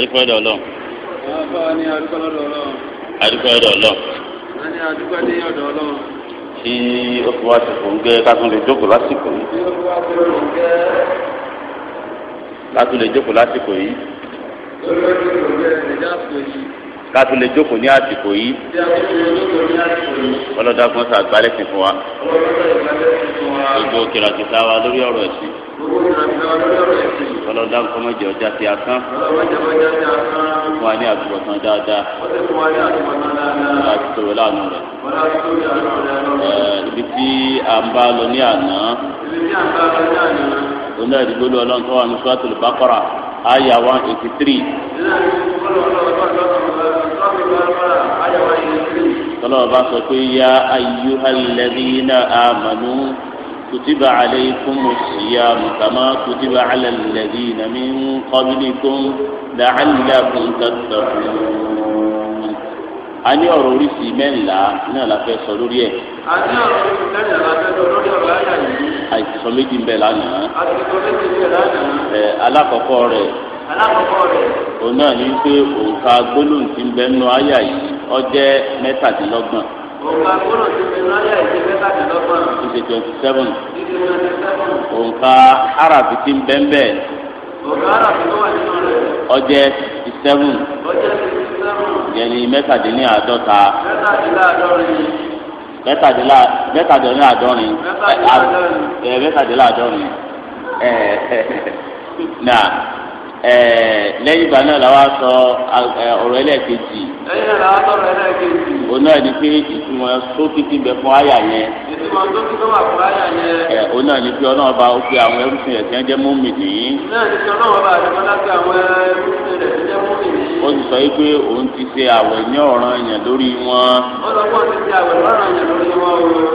adúgbò ẹ̀dọ̀ ọlọ́run. àwọn bá wa ní adúgbò ẹ̀dọ̀ ọlọ́run. adúgbò ẹ̀dọ̀ ọlọ́run. a ní adúgbò ẹ̀dọ̀ ọlọ́run. tí ó fi wá sí fòǹgẹ́ ká tún lè jókòó lásìkò yìí. tí ó fi wá sí fòǹgẹ́. ká tún lè jókòó lásìkò yìí. lórí ọdún ìròyìn ẹ̀ kátó lè jókòó ní àsìkò yìí ọlọ́dà kan sọ àgbálẹ̀ sí fún wa gbogbo kìràkìtà wa lórí ọ̀rọ̀ ẹ̀sìn ọlọ́dà kan mọ̀jẹ̀ ọjà ti asán fún wa ní àtúbọ̀tán dáadáa ọlọ́dà ti tòrò láàánú rẹ̀ ibi tí a ń bá lọ ní àná onídàgbélé ọlọ́run tó wà ní sọ́tò lùbákọ́rà àyà one eighty three tọ́lọ́wọ́ bá sọ pé ya ayyuhalladhina amanu kutiba alaykumus siyamu kama kutiba alal ladhina min qablikum la'allakum tattaqun a ní ọ̀rọ̀ oríṣi mẹ́ńlá náà la fẹ́ sọ lórí ẹ̀. a ní ọ̀rọ̀ oríṣi mẹ́ńlá la fẹ́ sọ lórí ọ̀rọ̀ ayà yìí. àìsàn méjì ń bẹ lánàá. àìsàn méjì ń bẹ lánàá. ẹ alákọ̀ọ́kọ́ rẹ̀. alákọ̀ọ́kọ́ rẹ̀. òun náà ní pé òǹkà gbólóhùn ti ń bẹ nínú ayà yìí. ọjẹ́ mẹ́tàdínlọ́gbọ̀n. òǹkà kúrò ti ìṣe twenty seven. ìṣe twenty seven. òǹkà arabi ti ń bẹ́ńbẹ́. òǹkà arabi tó wà nínú rẹ̀. sixty seven. sixty seven. lẹ́yìn ìgbà náà làwọn ọ̀rọ̀ ẹlẹ́ẹ̀kejì. lẹ́yìn rẹ̀ àtọ̀rọ̀ ẹ̀ náà kejì. o náà ní pé ìtumọ̀ bẹ fún àyà yẹn. ìtumọ̀ sókìtì wà fún àyà yẹn. ẹ o náà ní pé ọlọ́run bá ó fi àwọn ẹrúsìn rẹ̀ tiẹ́ jẹ́ o náà ní pé bá àwọn o. ṣe lórí àwọn tó ṣáájú wọn.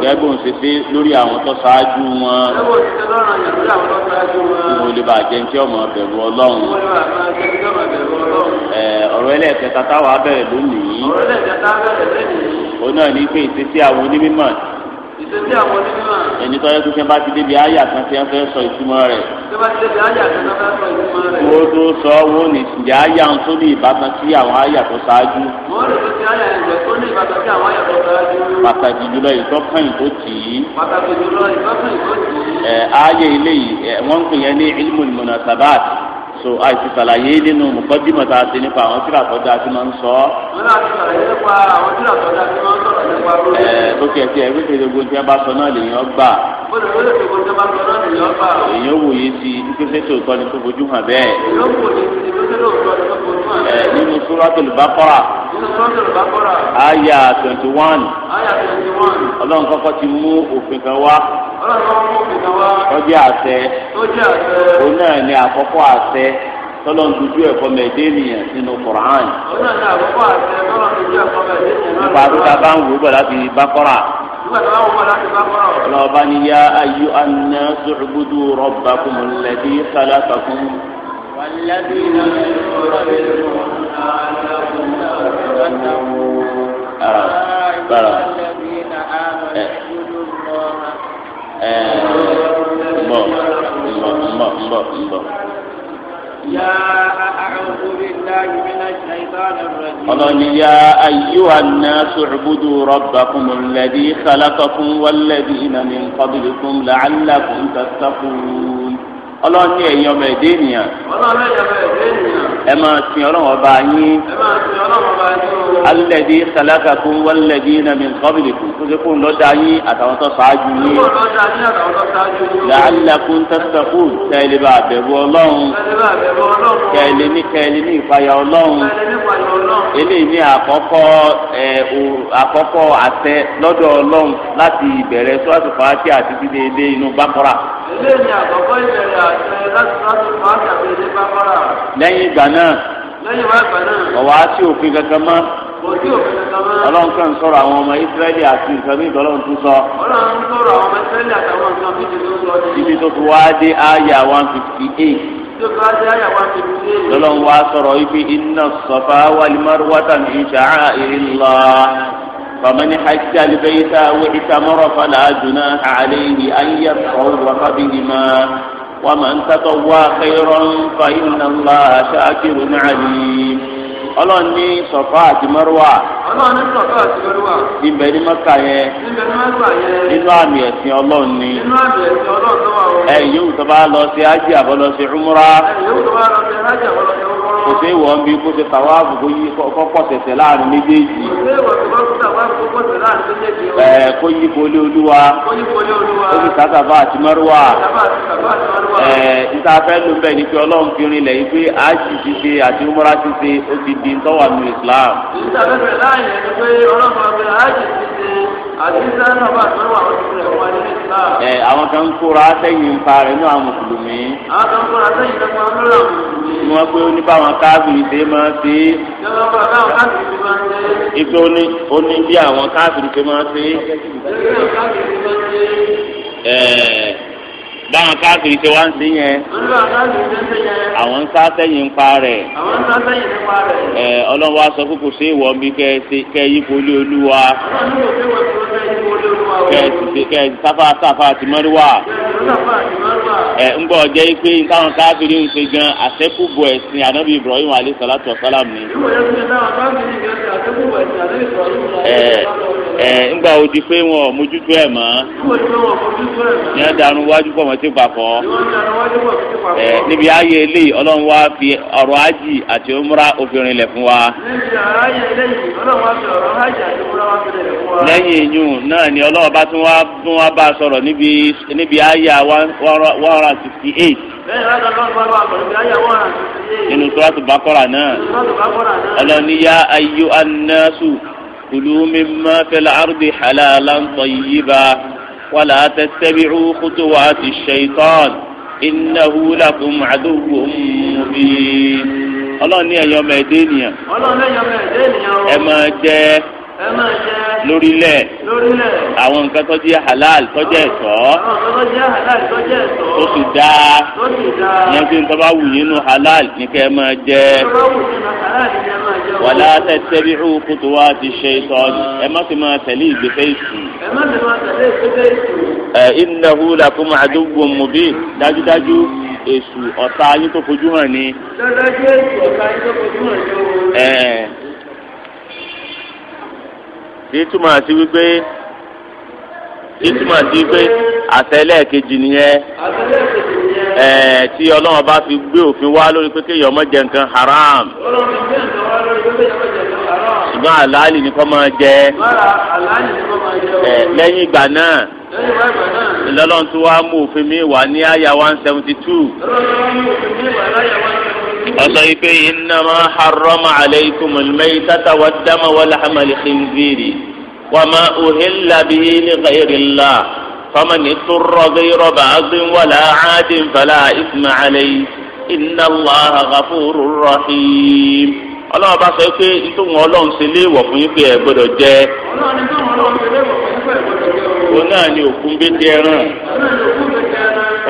gẹ́gbọ́n ṣe ṣe lọ́ràn yẹn lórí àwọn tó ṣáájú wọn. ọmọ ọmọ lónìí. ọ̀rọ̀ lè jẹ́ tábẹ́rẹ̀ lónìí. òun náà ní pé ìṣesí àwọn onímọ̀. ìṣesí àwọn onímọ̀. ẹni tọ́jú tó ṣe bá ti débi àyà kan tí wọ́n fẹ́ sọ ìtumọ̀ rẹ̀. tó bá ti débi àyà kan tí fẹ́ sọ ìtumọ̀ rẹ̀. wo tó sọ wo ní ìsìnjẹ́ àyà ń tó ní ìbátan sí àwọn àyà tó ṣáájú. wọ́n lè fi àyà ẹ̀jẹ̀ tó ní ìbátan sí àwọn àyà tó ṣáájú so àìsí sàlàyé nínú mùkọ́dìmọ̀ tá a ti nípa àwọn tíra tọ́jà tí wọ́n ń sọ ọ́. wọ́n náà ti sàlàyé nípa àwọn tíra tọ́jà tí wọ́n ń sọ̀rọ̀ nípa lórí. ẹ lókè ẹtì ẹ wípé gbogbo tí wọ́n bá sọ náà lèyìn ọgbà. bọ́lá wọlé gbogbo tí wọ́n bá sọ náà lèyìn ọgbà. èyàn wò yé ti ìpèsè tó tọ́ ni tó fojú hàn aya twenty one ọlọ́run kọ́kọ́ ti mú òfin kan wá tọ́jú àṣẹ òun náà ni àkọ́kọ́ àṣẹ tọ́lọ́n dúdú ẹ̀kọ́ mẹ́ẹ̀dẹ́nìyàn sínú Kùránì. nípa àdúgbò bá ń wò ó bọ̀ láti Bákọ́rà. ọlọ́ọ̀bá ni yá ayú aná sọ̀rọ̀gbọ́dọ̀ rọ̀bà kùmù lẹ́bí sálàkà kùn. ara bara ẹ. الله قال يا أيها الناس اعبدوا ربكم الذي خلقكم والذين من قبلكم لعلكم تتقون ọlọ́run ní ẹ̀yin ọmọ ẹ̀dẹ́ ènìyàn. ọlọ́run ní ẹ̀yin ọmọ ẹ̀dẹ́ ènìyàn. ẹ máa sin ọlọ́run ọba yín. ẹ máa sin ọlọ́run ọba yín. alẹ́dí sàlákàkún wọ́lẹ́dí nàmí kọ́bìlìkù tó ṣe fún lọ́dà yín àtàwọn tó ṣáájú yín. làálàkún tẹ́sítọ́kù kẹ́lẹ́ bá bẹ̀rù ọlọ́run. kẹ́lẹ́ ní kẹ́lẹ́ ní ìpayà ọlọ́run. eléyìí ní àkọ́kọ́ àkọ́kọ́ àtẹ lọ́dọ̀ ọlọ́run láti ìbẹ̀rẹ̀ sọ́ọ̀tù fàájì àti dídé ilé inú bákọ́rà ilé ní àkọ́kọ́ ìbẹ̀rẹ̀ àti láti láti fún àtàwọn ilé bá kọ́ra. lẹ́yìn ìgbà náà. lẹ́yìn ìgbà náà. ọ̀wá tí òfin kankan mọ́. kò sí òfin kankan mọ́. ọlọ́run kan sọ̀rọ̀ àwọn ọmọ ìsírẹ́lì àti nǹkan mí ìtọ́lọ́run tún sọ. ọlọ́run sọ̀rọ̀ àwọn ọmọ ìsírẹ́lì àtàwọn nǹkan mí ìtọ́lọ́run tún sọ. ibi tó fi wá dé àyà one fifty eight lọ́lọ́run wá sọ̀rọ̀ ibi iná sọ̀fà wàlímọ́rúwátà فمن حج البيت واعتمر فلا جناح عليه أن يطوف بهما ومن تطوى خيرا فإن الله شاكر عليم ọlọ́run ní sọ̀fà àti mọ́rùwà. ọlọ́run ní sọ̀fà àti mọ́rùwà. ibẹ̀ ní mọ́kà yẹn. ibẹ̀ ní mọ́kà yẹn. nínú àmì ẹ̀sìn ọlọ́run ni. nínú àmì ẹ̀sìn ọlọ́run tó wà wọ. ẹ yóò tó bá lọ sí ájì àbọ̀lọ sí umra. ẹ yóò tó bá lọ sí ájì àbọ̀lọ sí umra. kò sí ìwọ̀n bí kó ṣe tàwa àbùkù yìí kọ́kọ́ tẹ̀sẹ̀ láàrin méjèèjì. kò sí ìwọ̀n tó bá kọ gbọ́dọ̀ náà tó débi o. ẹ kó yí bolé olúwa. kó yí bolé olúwa. ó fi sàtàfà àti mọ́rùwà. sàtàfà àti mọ́rùwà. ẹ níta fẹ́ ló bẹ́ẹ̀ ni pé ọlọ́run fi rin lẹ́yìn pé àjì ṣíṣe àti umra ṣíṣe ó ti di ntọ́wà nù Islam. níta fẹ́ bẹ̀rẹ̀ láàyè ni pé ọlọ́run ẹ àwọn kan ń kóra sẹ́yìn ń parẹ́ ní àwọn mùsùlùmí. àwọn kan ń kóra sẹ́yìn lọ́pọ̀ lọ́rọ̀ mùsùlùmí. ni wọ́n pé oníbàwọn káàbìrì ṣe máa ṣe é. ìpè oní oní bí àwọn káàbìrì ṣe máa ṣe é. ẹ̀ẹ́ báwọn káàkiri ṣe wá ń sí yẹn àwọn ń sá sẹ́yìn ń pa rẹ̀ ẹ ọlọ́wọ́ aṣọ kókò ṣe ìwọ bí kẹ yí poli olúwa kẹ ẹ ti sáfà sáfà tìmọ́rí wà. ẹ ńgbọ́ ọjọ́ yìí pé táwọn káfíìrì ń ṣe gan ẹ̀sìn ànábì Ibrahim alayhi salatu ni. ẹ ẹ ńgbà ó pé wọn ò mójútó ẹ̀ mọ́ ní ẹ dànù wájú pọ̀ ẹ níbi ayé ọlọ́run wá fi ọ̀rọ̀ àti fún wa. lẹ́yìn ìyún náà ni ọlọ́run bá tún wá bá a sọ̀rọ̀ níbi ayé rọ one and sixty eight. nínú sọ́ọ́tù bákọ́rà náà ọlọ́niyá ayé anáṣù kùlùmí máa fẹ́lẹ́ àrùbí halalan tayyiba wàlá tẹ́tẹ́bìrú kótó wa ti ṣèitán innahu lakum aduwwun mubin. ọlọ́ni ẹ̀yọ́mẹ̀ẹ́dẹ́nìyàn. ọlọ́ni ẹ̀yọ́mẹ̀ẹ́dẹ́nìyàn. ẹ máa jẹ́ lórílẹ̀ àwọn nǹkan tó jẹ́ halal tó jẹ́ ẹ̀tọ́ tó sì dáa ìyẹn tí nǹkan bá wù yín nù halal ní kẹ́ ẹ máa jẹ wàlá tẹ̀tẹ̀bíhù khutuwati shaytan ẹ má ti máa tẹ̀lé ìgbésẹ̀ ìsù. ẹ má ti máa tẹ̀lé ìgbésẹ̀ ìsù. ẹ innahu lakum aduwwun mubin dájúdájú èṣù ọ̀tá yín tó fojú hàn ni. dájúdájú èṣù ọ̀tá yín tó fojú hàn ni èyí túmọ̀ sí wípé èyí túmọ̀ sí wípé àtẹ̀lẹ́ kejì nìyẹn ẹ̀ẹ́ tí ọlọ́run bá fi gbé òfin wá lórí pé kéèyàn má jẹ nǹkan haram ṣùgbọ́n àlàálì ni kò máa jẹ ẹ̀ lẹ́yìn ìgbà náà lọ́lọ́run tó wá mú òfin mi wá ní àyà one seventy two ọsọ ife innama harrama alaykum al-maytata wad-dama wa lahma al-khinziri wa ma uhilla bihi li ghayri Allah faman iturra ghayra ba'din wala 'adin fala ithma alayhi inna Allaha ghafurur rahim ọlọ́run bá sọ pé nítorí ọlọ́run ṣe léèwọ̀ fún yín pé ẹ gbọ́dọ̀ jẹ. òun náà ni òkú ń bẹ́tẹ̀ ẹran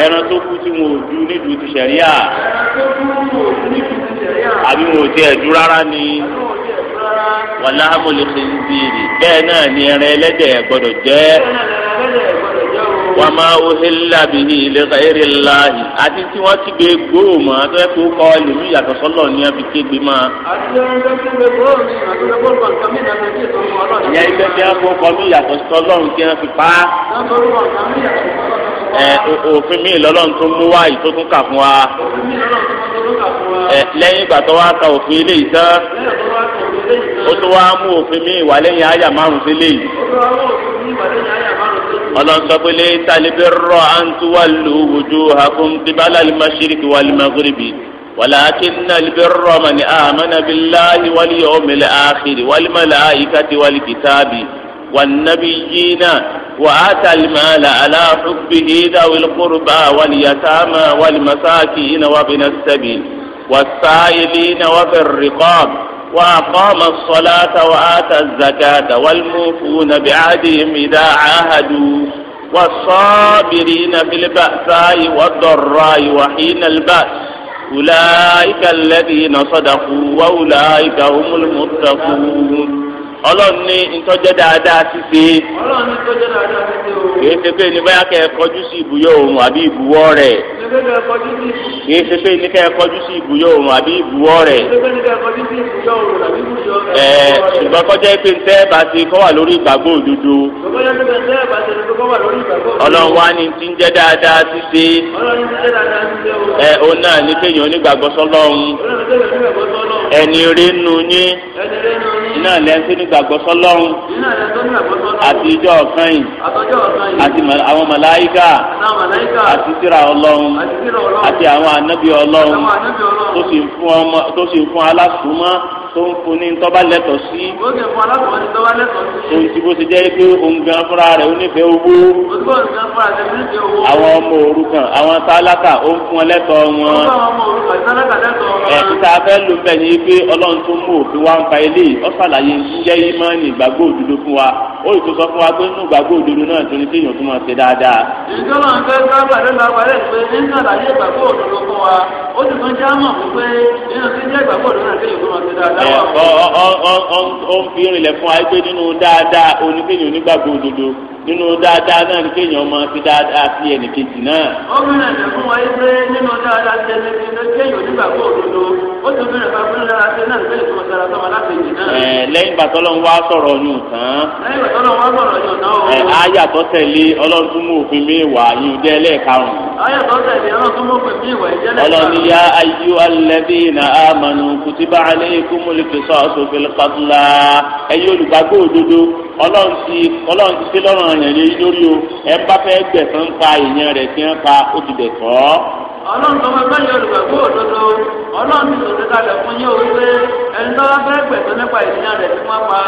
ẹran tó kú tí wọn ò ju nídùú ti ṣẹ̀ríà àbí wọn ò tiẹ̀ ju rárá ni wàláhàmù ń zèrè bẹ́ẹ̀ náà ni ẹran ẹlẹ́dẹ̀ gbọ́dọ̀ jẹ́ wà máa wo hélà bìí ìlera eré láàyè àti tí wọ́n ti gbé gbòòrò mọ́ àti wọ́n kó kọ́ ẹlòmí ìyàtọ̀ sọ́lọ̀ ní abí kégbé máa. ìyẹn ibẹ̀ bí wọ́n kó kọ́ mí ìyàtọ̀ sọ́lọ̀ kí wọ́n fi pa á. òfin mi lọ́lọ́run tó mú wá yìí tó tún kà fún wa. lẹ́yìn ìgbà tó wá ka òfin ilé yìí tán ó tún wá mú òfin mi ìwà lẹ́yìn àyà márùn-ún sílé yìí ọlọ́nsọ́pẹ́lẹ́ talibi rọ àǹtí wà lù wùjú hakùn tibala alimashiriki wà alimagoribi wàlàkínà libirọ mani amana bilahi wàlí yọmẹlẹ àkìrì wàlímàlà àyíkàtì wàlíkìtàbì wànàbíyìnà wàhátà limàlà aláhùbìhì dàwìl kúrúbà wàlíyàtàmà wàlímàsáàkì ìnáwàbìnà sẹbi wàsáyìlì náwàfẹ rìkọ́bù. وأقام الصلاة وآتى الزكاة والموفون بعهدهم إذا عاهدوا والصابرين في البأساء والضراء وحين البأس أولئك الذين صدقوا وأولئك هم المتقون ọlọ́run ní ntọ́jẹ́ dáadáa ṣíṣe. ọlọ́run ní ntọ́jẹ́ dáadáa ṣíṣe o. kìí ṣe pé ní báyà ẹ kọjú oòrùn àbí rẹ̀. kìí ṣe pé ní ẹ kọjú sí àbí rẹ̀. ẹ ṣùgbọ́n kọjá pé bá ti kọ́ wà lórí ìgbàgbọ́ òdodo. ọlọ́run wá ní ti ń jẹ́ dáadáa ṣíṣe. ẹ òun náà ní kéèyàn náà lẹ́yìn tó ní gbàgbọ́ sọ́lọ́run àti ìjọ ọ̀kan yìí àti àwọn màláyíkà àti tírà ọlọ́run àti àwọn ànábì ọlọ́run tó sì ń fún alásùnmọ́ tó ń fún ní tọ́ba lẹ́tọ̀ọ́ sí. ó ti fún alákọ̀ọ́ ní tọ́ba lẹ́tọ̀ọ́ sí. ohun tí bó ti jẹ́ pé òun gan fúnra rẹ̀ ó nífẹ̀ẹ́ owó. òtún bọ̀ gan fúnra rẹ̀ ó nífẹ̀ẹ́ owó. àwọn ọmọ òrukàn àwọn tálákà ó ń fún ẹlẹ́tọ̀ọ́ wọn. ó ń fún ọmọ òrukàn tálákà lẹ́tọ̀ọ́ wọn. ẹ̀ títa fẹ́ ló bẹ̀ ní pé ọlọ́run tó mú òfin wá ń fa ó yìí tó sọ fún wa pé nínú ìgbàgbọ́ òdodo náà torí tí èèyàn tún máa ṣe dáadáa. ìjọba ń fẹ́ sábà ló la parẹ́ pé nínú àlàyé ìgbàgbọ́ òdodo fún wa ó sì tún já mọ̀ pé nínú tí jẹ́ ìgbàgbọ́ òdodo náà tí èèyàn tún máa ṣe dáadáa. ẹ ọ ọ ọ ọ ń fi rinlẹ̀ fún wa pé nínú dáadáa oníkéèyàn onígbàgbọ́ òdodo nínú dáadáa náà ní kéèyàn máa fi dáadáa sí ẹnìkejì náà. ó bẹ̀rẹ̀ sí fún wa pé nínú dáadáa ti ẹni tí kéèyàn onígbàgbọ́ òdodo ó tún bẹ̀rẹ̀ fún abúlé lára sí náà nígbà tí wọ́n tara sọ́mọ láti èjì náà. ẹ lẹ́yìn bàtọ́ lọ́n wá sọ̀rọ̀ yùn tán. lẹ́yìn bàtọ́ lọ́n wá sọ̀rọ̀ yùn tán o. ẹ ayàtọ̀ tẹ̀lé ọlọ́run tún mú òfin mi wà yín dé ẹlẹ́ẹ̀karùn-ún. ayàtọ̀ tẹ̀lé ọlọ́run tún mú òfin mi wà yín dé ẹlẹ́ẹ̀karùn-ún. ọlọ́ni ẹ̀yin olùgbàgbọ́ òdodo ọlọ́run ti ọlọ́run ti ṣe lọ́rùn rẹ̀ lé lórí o ẹ bá fẹ́ gbẹ̀sán pa èèyàn rẹ̀ tí wọ́n pa ó ti bẹ̀ tọ́. ọlọ́run tó máa gbẹ́yìn olùgbàgbọ́ òdodo ọlọ́run ti sòdè kalẹ̀ fún yín o wípé ẹni tó bá fẹ́ gbẹ̀sán nípa èèyàn rẹ̀ tí wọ́n pa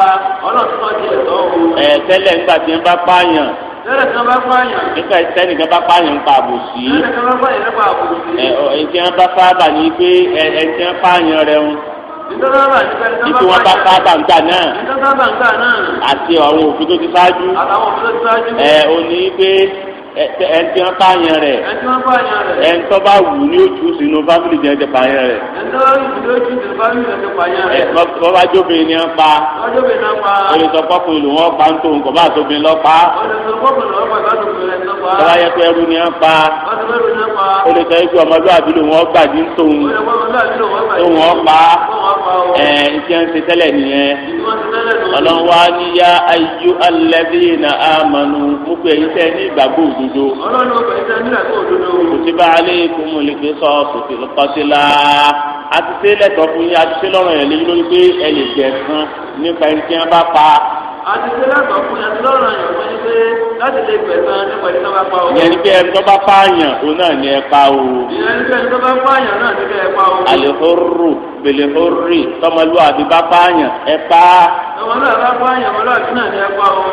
ọlọ́run tó ti ẹ̀tọ́ o. ẹ tẹ́lẹ̀ ńgbà tí wọ́n bá pààyàn tẹ́lẹ̀ kan bá pààyàn. nígbà tí ẹnìkan bá pààyàn ń pa àbòsí. tẹ́lẹ̀ kan bá pààyàn ń pa àbòsí. ẹ ẹ ti ń títí wọn bá ká bàǹgbà náà àti àwọn òfin tó ti ṣáájú ẹ òní pé ẹnití wọn pààyàn rẹ ẹnitọ́ bá wù ní ojú sínú fámìlì jẹ́ ẹ̀jẹ̀ pààyàn rẹ̀. ẹnitọ́ bá bá jóbìnrin ni wọn pa olùsọ̀kọ́kùn ìlú wọn pa ń tó nǹkan bá tóbin lọ pa tọ́lá yẹ pé ẹrú ni wọn pa olùsọ̀ ikú ọmọlúwàbí ló wọn gbàdí ń tóun tó wọn pa ẹ̀ ń tiẹ́ ń ṣe tẹ́lẹ̀ nìyẹn ọlọ́run wá ní yá ayú alẹ́bí na àmọ́nu mú pé èyí tẹ́ ní ìgbàgbọ́ òdu òdodo. ọlọ́run ọgbà ẹ̀dá nílà tó òdodo. kùtìbà alaykumul qisasu fil qatla àti ṣe lẹ́tọ̀ fún yín àti ṣe lọ́rùn yẹn lé lórí pé ẹ lè gbẹ̀san nípa ẹni tí wọ́n bá pa. àti ṣe fún yín àti yẹn wọ́n ní pé láti lè gbẹ̀san nípa ẹni tó bá pa o. ìyẹn ni pé ẹni tó bá pààyàn òun náà ni ẹ pa o. ìyẹn ni pé ẹni tó bá pààyàn náà ni ẹ pa o. al-hurru bil tọmọlúwàbí bá pààyàn ẹ pa á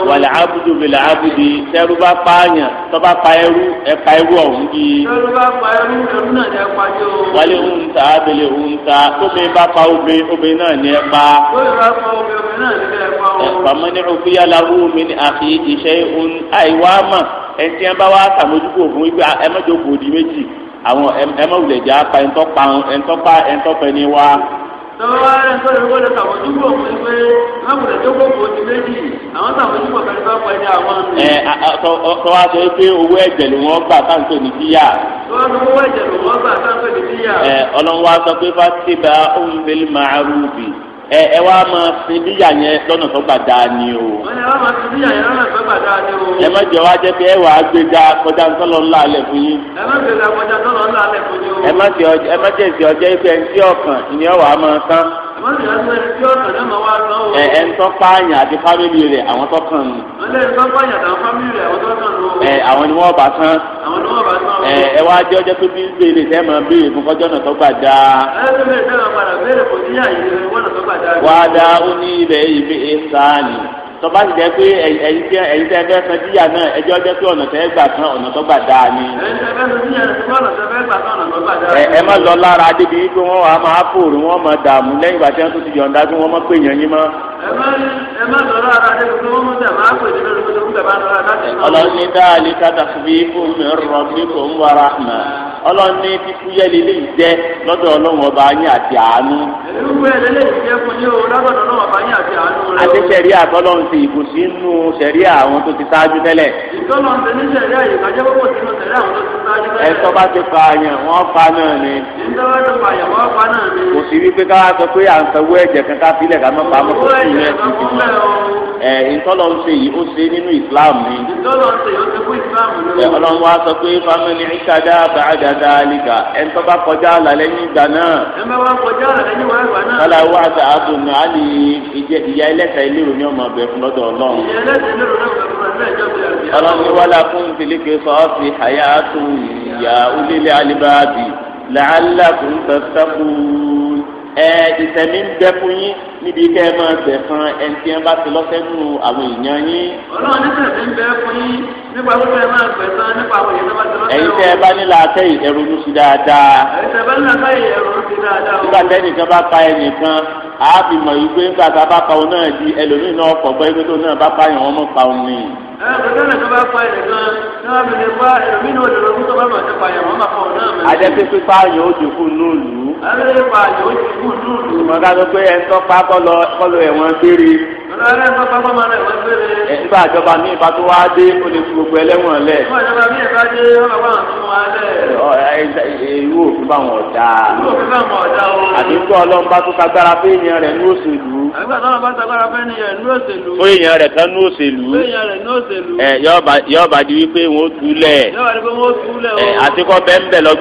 wàlẹ̀ abudu bẹ̀lẹ̀ abudi tẹ́rù bá pààyàn tọ́ba pa ẹrú ẹ̀pa ẹrú ọ̀hún bí. tẹ́rù bá pa ẹrú ẹrú náà ni ẹ̀pa jọ. wàlẹ̀ ń ta abẹ́lẹ̀ ń ta tóbi bá pa obìnrin obìnrin náà ni ẹ̀pa. tóbi bá pa obìnrin náà ni ẹ̀pa o. ẹ̀pa mọ́ ní ọ̀fíà lárú mi ní àfi ìṣe ohun àìwá mà ẹ̀ntì ẹ̀ bá wà sàmójúkò fún ìgbà ẹ̀ mọ́jọ kò méjì àwọn ẹ̀ mọ́ jà pa ẹ̀ntọ́ pa ẹ̀ntọ́ pa ẹ̀ntọ́ pẹ̀ ní wa tọ́wọ́ wá rẹ̀ sọ̀rọ̀ owó lọ sàmójúkọ̀ òun pé mẹ́kùnrin tó kọ̀ kò ti méjì àwọn sàmójúkọ̀ kan bá pọ̀ ní àwọn. ẹ tọ́wọ́ aṣọ yìí pé owó ẹ̀jẹ̀ ló wọ́n gbà sáǹtò ní bíyà. tọ́wọ́ aṣọ owó ẹ̀jẹ̀ ló wọ́n gbà sáǹtò ní bíyà. ọlọ́run wá sọ pé fásitì bá òun bẹ́ẹ̀ máa rú ẹ ẹ wá máa sin bíyà yẹn lọ́nà tó gbà dáa ni o. ẹ má jẹ́ wá jẹ́ pé ẹ wàá gbé ga kọjá ńsọ́lọ́ ńlá alẹ̀ fún yín. ẹ má gbé ga kọjá ńsọ́lọ́ ńlá alẹ̀ fún yín o. ẹ má jẹ́ ìsìn ọjọ́ ìfẹ́ ntí máa tán ẹ ẹ ń tọ́ pààyàn àti fámìlì rẹ̀ àwọn tó kàn nù. ẹ àwọn ni wọ́n bá tán. ẹ ẹ wá jẹ́ ọjọ́ tó bí ń béèrè tẹ́ máa béèrè fún kọjọ́ náà tó gbà dá. wá dá ó ní ilẹ̀ ìfẹ́ sáà nì tọ́ba ti jẹ́ pé ẹ̀yin tí ẹ̀yin tí ẹ fẹ́ díyà náà ẹjọ́ jẹ́ pé ọ̀nà tẹ́ gbà tán ọ̀nà tó gbà dáa ni. ẹ má lọ lára débi pé wọ́n wàá máa fòrò wọ́n máa dààmú lẹ́yìn ìgbà tí wọ́n tún ti yọ̀ǹda pé wọ́n mọ̀ pé yẹn yín mọ́ ọlọ́ni dáàlì kàtàkùbí omi rọ̀bì kò ń wara mọ́ ọlọ́ni kíkú yẹ́lẹ̀ lè jẹ́ lọ́dọ̀ ọlọ́run ọba yín àti àánú. àti sẹ̀rí àtọ́lọ́run ti ìbò sínú sẹ̀rí àwọn tó ti ṣáájú tẹ́lẹ̀. ẹ̀sọ́ bá ti fa àyàn wọ́n fa náà ni. kò sí wípé ká sọ pé à ń sanwó ẹ̀jẹ̀ kan ká sílẹ̀ nínú ẹ̀sìn tí wọ́n ẹ̀ ìtọ́lọ̀ ń ṣe yìí ó ṣe nínú Islam ni. ìtọ́lọ̀ ń ṣe yìí ó ṣe fún Islam ni. ẹ Ọlọ́run wa sọ pé family ìkadà bàdàdà àlìkà ẹni tó bá kọjá àlà lẹ́yìn ìgbà náà. ẹ bá wá kọjá àlà lẹ́yìn ìgbà náà. kọ́lá wa àti àdùnnú àlì ìyá ẹlẹ́ta ilé ìròyìn ọmọ ọbẹ̀ fún lọ́dọ̀ Ọlọ́run. ìyá ẹlẹ́ta ilé ìròyìn ọmọ ọbẹ̀ fún lọ́dọ̀ Ọlọ́run. Ọlọ́run ẹ ìsẹ̀mí ń bẹ fún yín níbi kẹ́ ẹ máa bẹ̀ fún ẹni tí ẹ bá ti lọ́sẹ̀ nù àwọn èèyàn yín. ọlọ́run ní sẹ̀mí ń bẹ fún yín nípa pípẹ́ ẹ máa bẹ̀ fún nípa àwọn èèyàn tó bá ti lọ́sẹ̀ nù. ẹ̀yin tẹ́ ẹ bá nílò àtẹ́ ẹ̀rọ sí dáadáa. ẹ̀yin tẹ́ ẹ bá nílò àtẹ́ ẹ̀rọ sí dáadáa. nígbà tẹ́nìkan bá pa ẹnìkan a fi mọ̀ yìí pé nígbà tá a bá pa òun náà di ẹlòmíì náà pọ̀ gbọ́ ibi tó náà bá pa yàn wọ́n mọ̀ pa òun ni. ẹ ẹ kò tẹ́lẹ̀ tó bá pa ẹnìkan náà mi lè pa ẹlòmíì náà lè lọ́dún tó bá mọ̀ tó pa yàn ẹ̀rẹ́ ìpàdé ó ti kú dúdú. màgá sọ pé ẹ̀ ń tọ́ pa kọ́lọ ẹ̀wọ̀n gbére ọlọ́rẹ́ ń sọ́kọ́ fọ́mọ rẹ̀ wọ́n gbére. ẹ nígbà ìjọba mi ìbá tó wá dé ó lè fi gbogbo ẹlẹ́wọ̀n lẹ̀. ìjọba mi ìbá dé ọlọ́wọ́ àwọn tó wá lẹ̀. irú òfin bá wọn ọ̀dà. irú òfin bá wọn ọ̀dà o. àti tó ọlọ́run bá tó sagbára pé èèyàn rẹ̀ ní òṣèlú. àgbà tó ọlọ́run bá sagbára pé èèyàn ní òṣèlú. fún èèyàn rẹ̀ kan ní òṣèlú. fún èèyàn rẹ̀ ní òṣèlú. ẹ yọọba di wípé wọn ó túlẹ̀. yọọba di wípé wọn ó túlẹ̀ o. àtikọ́ bẹ́ẹ̀ ń bẹ̀ lọ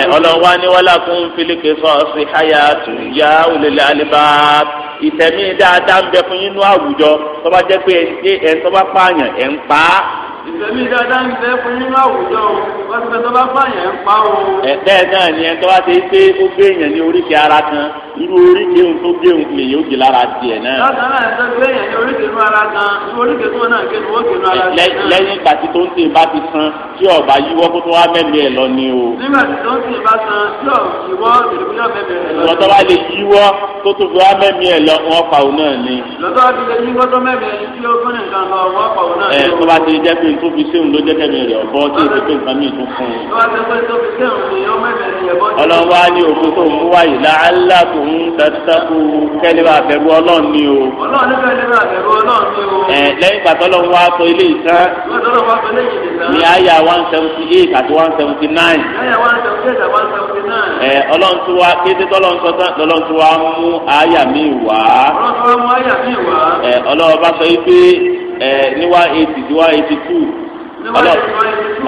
ẹ ọlọ́wà ni wọ́n lákùn fílíkì sọ́ọ̀sì háyà tùyà olèlè àlébà ìtẹ̀mí dáadáa ń bẹ fún yín ní àwùjọ tó bá jẹ́ pé ẹ ń pààyàn ẹ̀ ń pa á ìfẹ̀mí dáadáa ń bẹ fún nínú àwùjọ o wọ́n ti fẹ́ tó bá fààyàn ń pa o. ẹ̀fẹ́ náà ni ẹni tó bá ti pé ó gbé èèyàn ní oríkì ara kan irú oríkì ohun tó gbé ohun lèyìn ògì lára tiẹ̀ náà. lọ́sàn-án náà ẹ̀sẹ̀ gbé èèyàn ní oríkì inú ara kan irú oríkì tó náà ké ní oríkì inú ara tiẹ̀ náà. lẹ́yìn ìgbà tí tó ń tè bá ti san tí ọ̀bá yíwọ́ kó tó wá mẹ́mí ẹ̀ lọ ni o. nígbà tí tó ń tè bá san tí ọ̀ yíwọ́ ìrìbíyàn mẹ́mí ẹ̀ lọ. lọ́tọ́ bá tó bá lè yíwọ́ tó mẹ́mí ẹ̀ tó fi séun ló jẹ́kẹ́ mi rẹ̀ ọ̀bọ tí o ti pé nǹkan mi tún fún un. ọlọ́wọ́ á òkú tó ń mú wáyé láàlá tó ń tẹ́tẹ́kù kẹ́lẹ́bà bẹ̀rù ọlọ́run ni o. ẹ lẹ́yìn pàtó lọ́wọ́ wá sọ ilé ìtàn ní àyà one seventy eight àti one seventy nine. ẹ ọlọ́run tó wá kété tọ́lọ́run sọ tán lọ́lọ́run ọlọ́run tó wá mú àyà ẹ ní one eighty sí one eighty two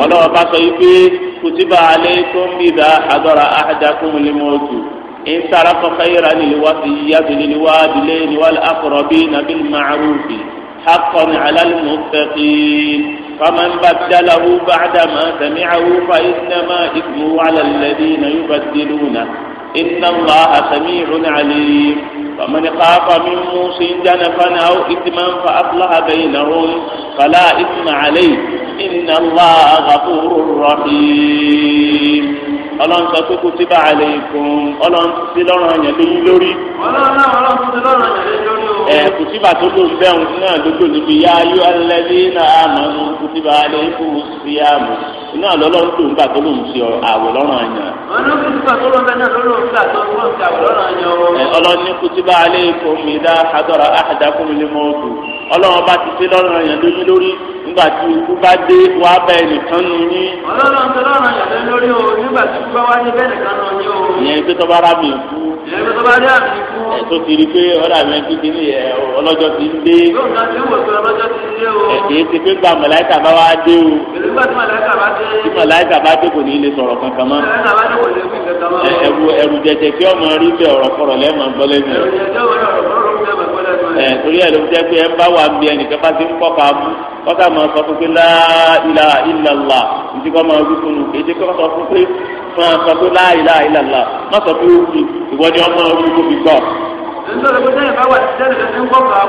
ọlọ́wọ́ bá sọ yìí pé kùtìbà alẹ́ tó ń bìbà àgọ́ra àdàkùn lèmọ́tù ìtara kọ́kẹ́yìrà ni ìwádìí yíyàtọ̀ ni ìwádìí ni wàlẹ́ akọ̀rọ̀bí nàbí màrúfì hakọ̀ni alálùmọ́tẹ́kì faman bàdàlàwù bàdàmà sàmìcàwù fàyínàmà ìgbìmọ̀ wàlẹ́ lẹ́dí nà yóò bàdìlúnà iná lọ́hà sàmìcùn àlẹ́ yìí. فمن خاف من موص جنفا أو إثما فأصلح بينهم فلا إثم عليه إن الله غفور رحيم ọlọ́run sọ pé kò tí bá àlẹ́ ìkún ọlọ́run ti sí lọ́rùn àyàn lórí lórí. ọlọ́run ọlọ́run ti sí lọ́rùn àyàn lórí lórí o. ẹ kò tí bá tó lóun bẹ́ẹ̀ náà lójú níbi yá ayú alẹ́ ní náà àmọ́ kò tí bá àlẹ́ sí àmọ́ iná àlọ́lọ́ ń dùn gbàtọ́ ló ń ṣe àwẹ̀ lọ́rùn àyàn. olóògùn tí gbàtọ́ ló ń bẹ náà ló ló ń gbàtọ́ ló ń ṣe àwẹ̀ lọ́rùn àyàn o. ọlọ́ni kutiba alaykum idha hadara ahadakum al-maut ọlọ́run bá ti ṣe lọ́rùn àyàn lórí lórí nígbà tí ikú bá dé wá bá ẹnìkan nù yín. ọlọ́run ti lọ́rùn àyàn lórí o nígbà tí ikú bá wá dé bẹ́ẹ̀ nìkan nù yín o. ìyẹn pé tọ́ ìyẹn tó bá dé àmì ikú. ẹ tó ti rí pé ọ̀rọ̀ àmì ẹni ti ní ọlọ́jọ́ ti ń dé. yóò ká sí wò pé ọlọ́jọ́ ti ń dé o. ẹ kìí ti pé gba mọ̀láìkà bá wá dé o. èdè tí mọ̀láìkà bá dé. tí mọ̀láìkà bá dé kò ní lè sọ̀rọ̀ kankan mọ́. mọ̀láìkà bá dé kò ní lè fi kankan mọ́. ẹ̀rù jẹ̀jẹ̀ kí ọmọ rí bẹ́ẹ̀ ọ̀rọ̀ kọ̀rọ̀ lẹ́ẹ̀mọ́ gbọ́ lẹ́nu. ẹ̀rù jẹ̀jẹ̀ ẹ̀ torí ẹ̀ ló jẹ́ pé ẹ̀ ń bá wà mí ẹnìkan bá ti ń kọ́ kàá mú kọ́tà máa sọ fún pé la ilaha illallah ìdí kọ́ máa wí fún un èdè kọ́ sọ fún pé máa sọ pé la ilaha má sọ pé ó ìwọ ni ọmọ wù kó fi gbọ́. nítorí pé bá wà sí sẹ́yìn ń kọ́ kàá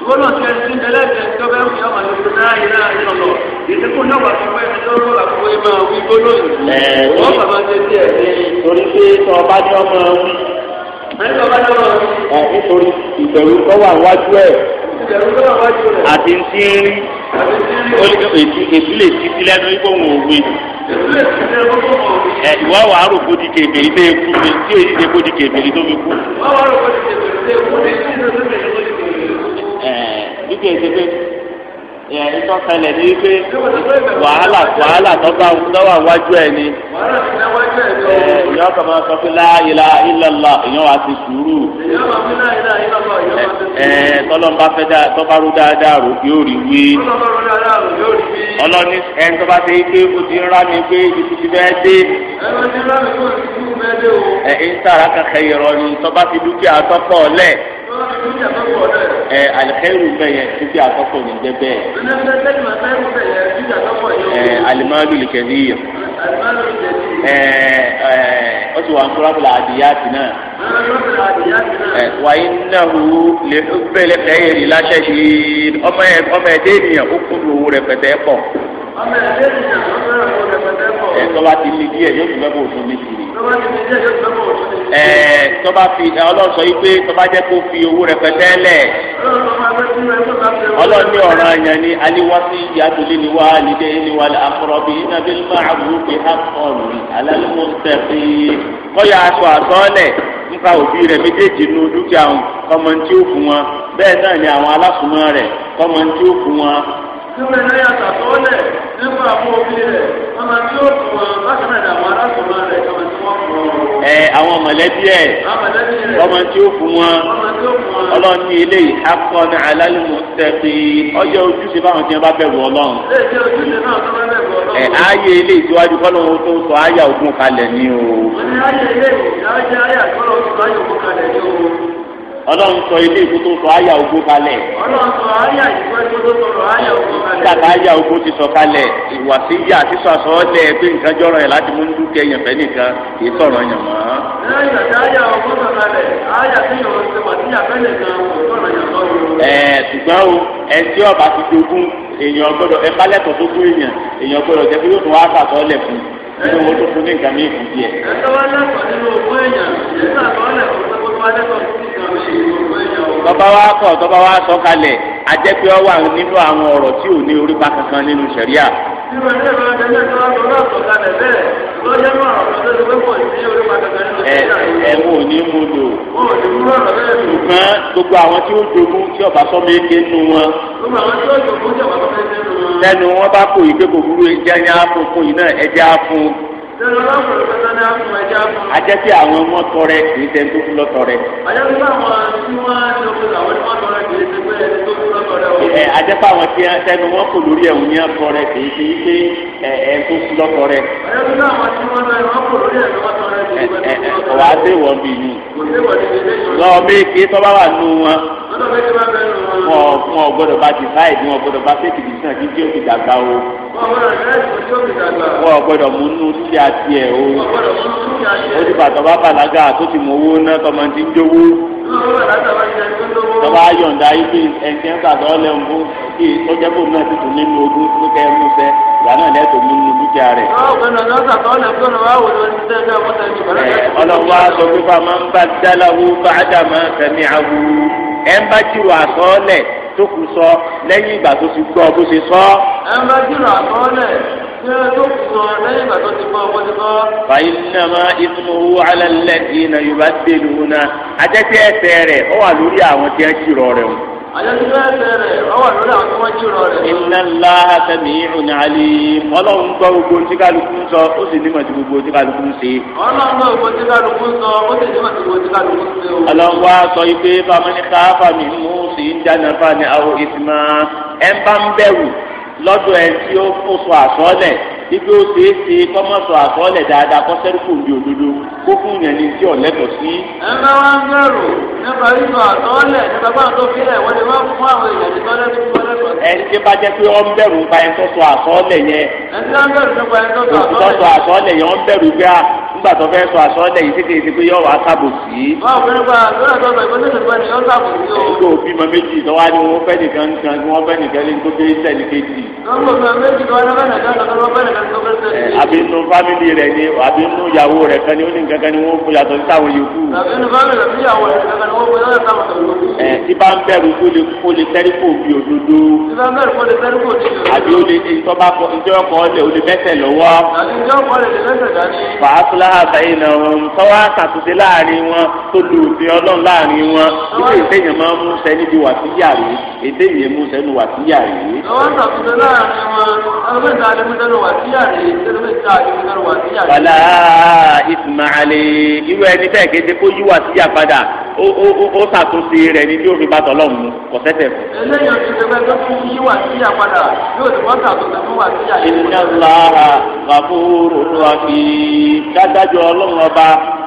ìwọ náà ṣe ẹni tí ń bẹ̀rẹ̀ ẹ̀jẹ̀ tó bẹ́ẹ̀ fi ọmọ lóko la ilaha illallah náà wà sí pé ẹni tó ń rọ̀ àkókò yìí máa wí gbólóyìn. ẹ̀ẹ́dì torí pé tọ́ ẹ nítorí ìbẹ̀rù tó wà wájú ẹ̀ àti ntí rí ètí lè ti ti lẹ́nu ipò wọn òwe ẹ ìwọ wàá rò kó di kèmè ilé ikú mi tí èyí ṣe kó kèmè ilé tó kú. ẹ ṣe pé ìyẹn ìtọ́kẹlẹ̀ ní pé wàhálà wàhálà tọ́ba tọ́wà wájú ẹ̀ ni ìyọ́ kàn máa sọ pé láàyè ìlàlá ìyọ́ wa ti sùúrù tọ́lọ́mbà fẹ́ dáa tọ́ba rú dáadáa rò yóò rí wí ọlọ́ni ẹni tó bá ti yí pé o ti rán mi pé ibi ti bẹ́ẹ̀ dé ẹ̀ ń sára kankan yẹ̀rọ ni tọ́ba ti dúkìá tọ́pọ̀ lẹ̀ ẹ alikẹ́rù bẹ̀ yẹn títí àtọ́kọ̀ ní jẹ́ bẹ́ẹ̀. ẹ alimalu likẹ́lí yẹn. ẹ ẹ ó ti wà ń kúrọ́ bùlà àdìyàtì náà. wàyí náà lè bẹ̀lẹ̀ kẹ́yẹ̀ rí láṣẹ ṣe ọmọ ẹ̀ ọmọ ẹ̀ dé ènìyàn ó kúndùn owó rẹ̀ pẹ̀tẹ́ pọ̀. ọmọ ẹ̀ dé ènìyàn ó fẹ́ràn ẹ tọ́ba ti ní díẹ̀ yóò tún mẹ́bọ̀ òtún ní kiri. ẹ tọ́ba fi ọlọ́run sọ yìí pé tọ́ba jẹ́ kó fi owó rẹpẹtẹ lẹ̀. ọlọ́run ní ọ̀ràn àyàn ni aliwasi yàtúlé ni wà á nílé ni wà á kọ̀rọ̀ bí nàbí máa wù pé á kọ̀ mí alálùmọ́ sẹ́fì. kọ́yà aṣọ àtọ́lẹ̀ nípa òbí rẹ̀ méjèèjì nu dúkìá wọn kọ́mọ tí ó fún wọn bẹ́ẹ̀ náà ni àwọn alásùnmọ́ rẹ̀ kọ́mọ tí ó fún wọn. nígbà yẹn yàtọ̀ àtọ́lẹ̀ nípa àwọn òbí rẹ̀ ọmọ tí yóò tún wọn bákan náà làwọn aláṣọmọ rẹ ọmọ tí wọn fún wọn. ẹ àwọn mọ̀lẹ́bí ẹ ọmọ tí ó fún wọn ọlọ́run ní ilé ìhápọ̀ ní alálùmọ̀ tẹ̀sí ọjọ́ ojúṣe báwọn tí wọn bá bẹ̀rù ọlọ́run. ẹ ayé ilé ìtiwájú kọ́ lóun tó sọ ayé òkun kalẹ̀ ní o. ayé ilé ìtiwájú ayé àkọ́lọ́ ọlọ́run sọ ilé ìkótó sọ àyà ògbó kalẹ̀. ọlọ́run sọ àyà ìkótó sọ àyà ògbó kalẹ̀. nígbàtà àyà ògbó ti sọ kalẹ̀ ìwàsí yà sísọ àsọ ọlẹ pé nǹkan jọrọ yẹn láti mú ń dúkẹ́ yẹn fẹ́ nìkan kì í sọ̀rọ̀ yẹn mọ́. lẹ́yìn àti àyà ògbó sọ kalẹ̀ àyà tí yòó ṣe wà sí àfẹ́ nìkan kò sọ̀rọ̀ yẹn lọ́wọ́. ẹ ṣùgbọ́n o ẹ tí ọba ti dogun èèyàn gbọ́dọ̀ ẹ kálẹ̀tọ̀ tó kú èèyàn èèyàn gbọ́dọ̀ tọ́ba wa kọ̀ tọ́ba wa sọ kalẹ̀ ajẹ́pẹ́ ọ wà nínú àwọn ọ̀rọ̀ tí ò ní orípa kankan nínú sẹ̀ríà. ẹ̀wọ̀n ò ní mú lò. ṣùgbọ́n gbogbo àwọn tí ó jogún tí ọba sọ́mi ké nu wọn. lẹ́nu wọn bá kò yí pé kò burú ẹjẹ́ ni a fún kò yí náà ẹjẹ́ a fún. ajẹ́ tí àwọn ọmọ tọrẹ kì í tẹ́ntó kú lọ́tọrẹ. ajẹ́ pé àwọn tí ẹnu wọn kò lórí ẹ̀hún ní ọtọrẹ kì í ti pé ẹ̀ẹ́ntó kú lọ́tọrẹ. ọ̀rọ̀ adé wọ̀ bí yìí. lọ́ọ̀ bí kì í tọ́ bá wà nù wọn. wọn wọn ò gbọ́dọ̀ bá divide wọn ò gbọ́dọ̀ bá fake division kí tí fi dàgbà o. wọn ò gbọ́dọ̀ mú nú tí a tiẹ̀ o. ó ti bàtọ̀ bá bàlágà tó ti mú owó náà tọmọ ti ń jówó. tọ́ba yọ̀ǹda ibi ẹ̀ǹkẹ́ ń sàdọ́ lẹ́hìn fún kí tó jẹ́ náà ti tún nínú ogún tó kẹ́ mú fẹ́ ìgbà náà lẹ́tọ̀ọ́ mú nínú dúkìá rẹ̀. ọlọ́wọ́ aṣọ pípa máa ń bá dáláwo bá dàmọ́ sẹ́mi àwù ẹ̀ ń bá jírò àsọ́ọ́lẹ̀ tó kù sọ lẹ́yìn ìgbà tó ti gbọ́ bó ṣe sọ. ẹ ń bá jírò àsọ́ọ́lẹ̀ tí ó tó yorùbá dé lóhùn náà ajẹ́tí ẹ̀sẹ̀ rẹ̀ wà lórí àwọn tí wọ́n jírò rẹ̀ àjọṣepọ̀ ẹsẹ̀ rẹ̀ ọwọ́ lórí àwọn tó wọ́n jùlọ rẹ̀. inna Allaha sami'un alim ọlọ́run gbọ́ gbogbo tí kálukú ń sọ ó sì nímọ̀ tí gbogbo tí kálukú ń ṣe. ọlọ́run gbọ́ gbogbo tí kálukú ń sọ ó sì nímọ̀ tí gbogbo tí kálukú ń ṣe. ọlọ́run wá sọ ipe famani káfà mi mú sí ń bá ń bẹ̀rù lọ́dọ̀ ẹ̀ tí ó ibi ó ṣeé ṣe kọ́mọ́sọ àtọ́lẹ̀ dáadáa kọ́ sẹ́rùkù ní òdodo kó fún yẹn ní tí ọ̀lẹ́tọ̀ sí. ẹ bá wá ń gbèrò nípa ìlú àtọ́lẹ̀ nípa bá tó fílẹ̀ wọ́n lè wá fún àwọn èèyàn ní tọ́lẹ̀ tó fún ọlẹ́tọ̀. ẹ ṣe bá jẹ́ pé ó ń bẹ̀rù nípa ẹ̀ tọ́sọ àtọ́lẹ̀ yẹn. ẹ ti ń bẹ̀rù nípa ẹ̀ tọ́sọ àtọ́lẹ̀ yẹn. òkú bẹ̀rù gbá nígbà tó fẹ́ sọ àsọ́ọ́dẹ yìí títí ti pé yọ wá sábò sí. wọn ò fẹ́ràn gba lórí àtọ́gbà ìfọ́sẹ̀sẹ̀ tó bá ní yọ sábò sí o. nígbà òbí mọ méjì tó wá ní wọn fẹ́ nìkan kan tí wọ́n fẹ́ nìkan lé tó kéré sẹ́ni kejì. àbí nínú fámìlì rẹ ni àbí nínú ìyàwó rẹ kan ni ó ní nǹkan kan ni wọ́n fún yàtọ̀ sítáwọn yòókù. àbí nínú fámìlì rẹ ni ìyàwó rẹ kan ni wọ́n fún yàtọ̀ sítáwọn yòókù. ẹ tí bá ń bẹ̀rù kó lè tẹ́ríkò bí òdodo. tí bá ń bẹ̀rù kó lè tẹ́ríkò bí òdodo. àbí ó lè ìjọba ìjọba kan lè ó lè mẹ́sẹ̀ lọ́wọ́. àbí ìjọba kan lè lè mẹ́sẹ̀ dání. fàákìlá aṣáláhà báyìí náà wọn tọ́wọ́ àtàtúndé láàrin wọn tó lu òfin ọlọ́run láàrin wọn nígbà ètè yẹn máa ń mú sẹ́ níbi wà sí yàrá yìí ètè yẹn mú sẹ́nu wà sí yàrá yìí. tọ́wọ́ àtàtúndé láàrin wọn ẹgbẹ́ ìta lè mú sẹ́nu wà sí yàrá yìí ẹgbẹ́ ìta lè mú sẹ́nu wà sí yàrá yìí. ṣàtúnṣe rẹ̀ ní tí ó fi bàtọ̀ lọ́hùn mu kò tẹ́tẹ̀ fún. ọ̀sẹ̀ tẹ́fẹ́ tó fi yí wà sí yà yóò ti wọ́n ṣàtúnṣe fún wà sí yà. ìnáwó dájọ́ ọlọ́run ọba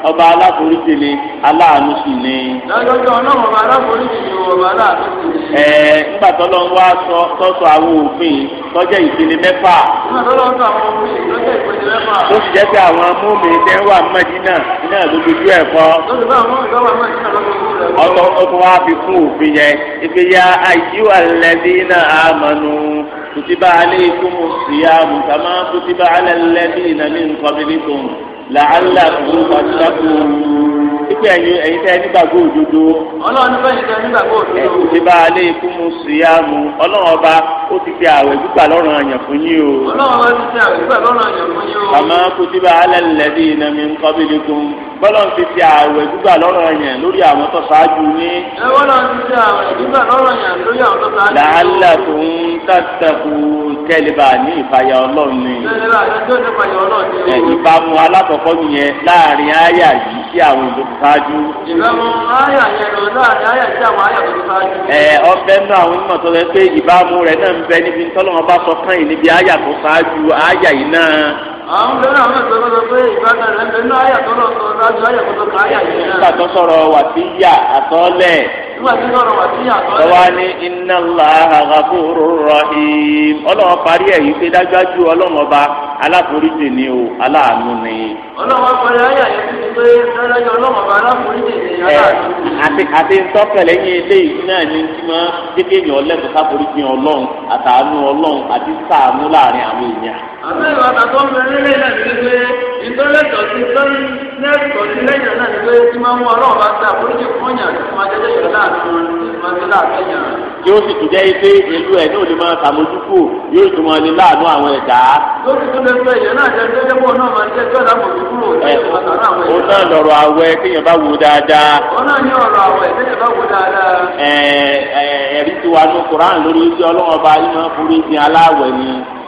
ọba aláforíjì ni aláàánú sì ni. dájọ́ ọlọ́run ọba aláforíjì ni ọba aláàánú sì ni. ẹ nígbà tó lọ ń wá sọ́sọ àwọn òfin tọ́jẹ́ ìpele mẹ́fà. nígbà tó lọ ń sọ àwọn òfin tọ́jẹ́ ìpele mẹ́fà. ó sì jẹ́ pé àwọn mọ́mí tẹ́ ń wà mọ́dínà náà ló ẹ̀ kọ́. ọ̀tọ̀ ọ̀tọ̀ wa fi kún òfin yẹn ibi ya àyíwá lẹ́bí náà á mọ̀nù kùtìbà alẹ́ ikú mu síyá mùtàmá kùtìbà làálà fún ọ̀ṣọ́kù ipe ẹ̀yin ẹ̀yin tẹ́ nígbàgbọ́ òdodo. ọlọ́run nígbà yìí tẹ́ nígbàgbọ́ òdodo. ẹ̀sùn ti bá alẹ́ ikú mu síyáàmù ọlọ́run ọba ó ti fi àwẹ̀ gbígbà lọ́rùn àyàn fún yín o. ọlọ́run ọba ti fi àwẹ̀ gbígbà lọ́rùn àyàn fún yín o. àmọ́ kutiba alẹ́ lẹ́bí iná mi ń kọ́ ti fi àwẹ̀ gbígbà lọ́rùn àyàn lórí àwọn tó ṣáájú ní. ẹ bọ́lọ̀ ti fi àwẹ̀ gbígbà lọ́rùn àyàn lórí àwọn tó ṣáájú ní. làálà tó ń tàtàkùn kẹ́lẹ́bà ní ìfàyà ọlọ́run ni. ìbámu alákọ̀ọ́kọ́ nìyẹn láàrin àyà yìí sí àwọn ìlú ìbámu àyà yẹn lọ láàrin àyà sí àwọn àyà tó ẹ ọbẹ̀ nínú àwọn onímọ̀ tó rẹ pé ìbámu rẹ̀ náà ń bẹ níbi tọ́lọ́mọ bá sọ kán yìí níbi àyà tó ṣáájú àyà yìí náà. àwọn lọ́nà àwọn ìṣòro sọ pé ìbámu Ọwọ́ ni inna Allaha ghafurur rahim. Ọlọ́run parí ẹ̀ yìí pé dájúdájú ọlọ́run ọba aláforíjì ni o, aláàánú ni ọlọ́wọ́ akọ̀lẹ́ ayé àyè fún mi pé lọ́lọ́yọ̀ ọlọ́wọ́ bá aláforí tètè yọ láàánú. àti àti ntọ́kẹ̀lẹ́ yín eléyìí náà ní tí máa dédé ní ọlẹ́dùn káforí fi ọlọ́run àtàánú ọlọ́run àti sàánú láàrin àwọn èèyàn. àbẹ́ ìwà àtàtọ́ mi lélẹ̀ náà ti pé ìtọ́lẹ́tọ̀ ti lẹ́tọ̀ sí lẹ́yìn náà ni pé tí máa ń wọ ọlọ́run bá ti àforíjì fún yàn tí máa jẹ́jẹ́ yọ láàánú máa ti láàánú yàn yóò sì tún jẹ́ ife ìlú ẹ̀ náà lè máa sàmójúkù yóò tún máa lè láàánú àwọn ẹ̀dá. lóṣù tó lè fẹ́ ìyẹn náà jẹ́ jẹ́jẹ́ bọ́ọ̀ náà máa jẹ́ jọ́ọ̀dá mọ̀lú ẹ òun náà lọ̀rọ̀ àwẹ̀ kéèyàn bá wò dáadáa. òun náà ní ọ̀rọ̀ àwẹ̀ kéèyàn bá wò dáadáa. ẹ ẹ ẹ̀rí tiwa ní Kùránì lórí iṣẹ́ ọlọ́wọ́n bá iná burú ìsìn aláwẹ̀ ni.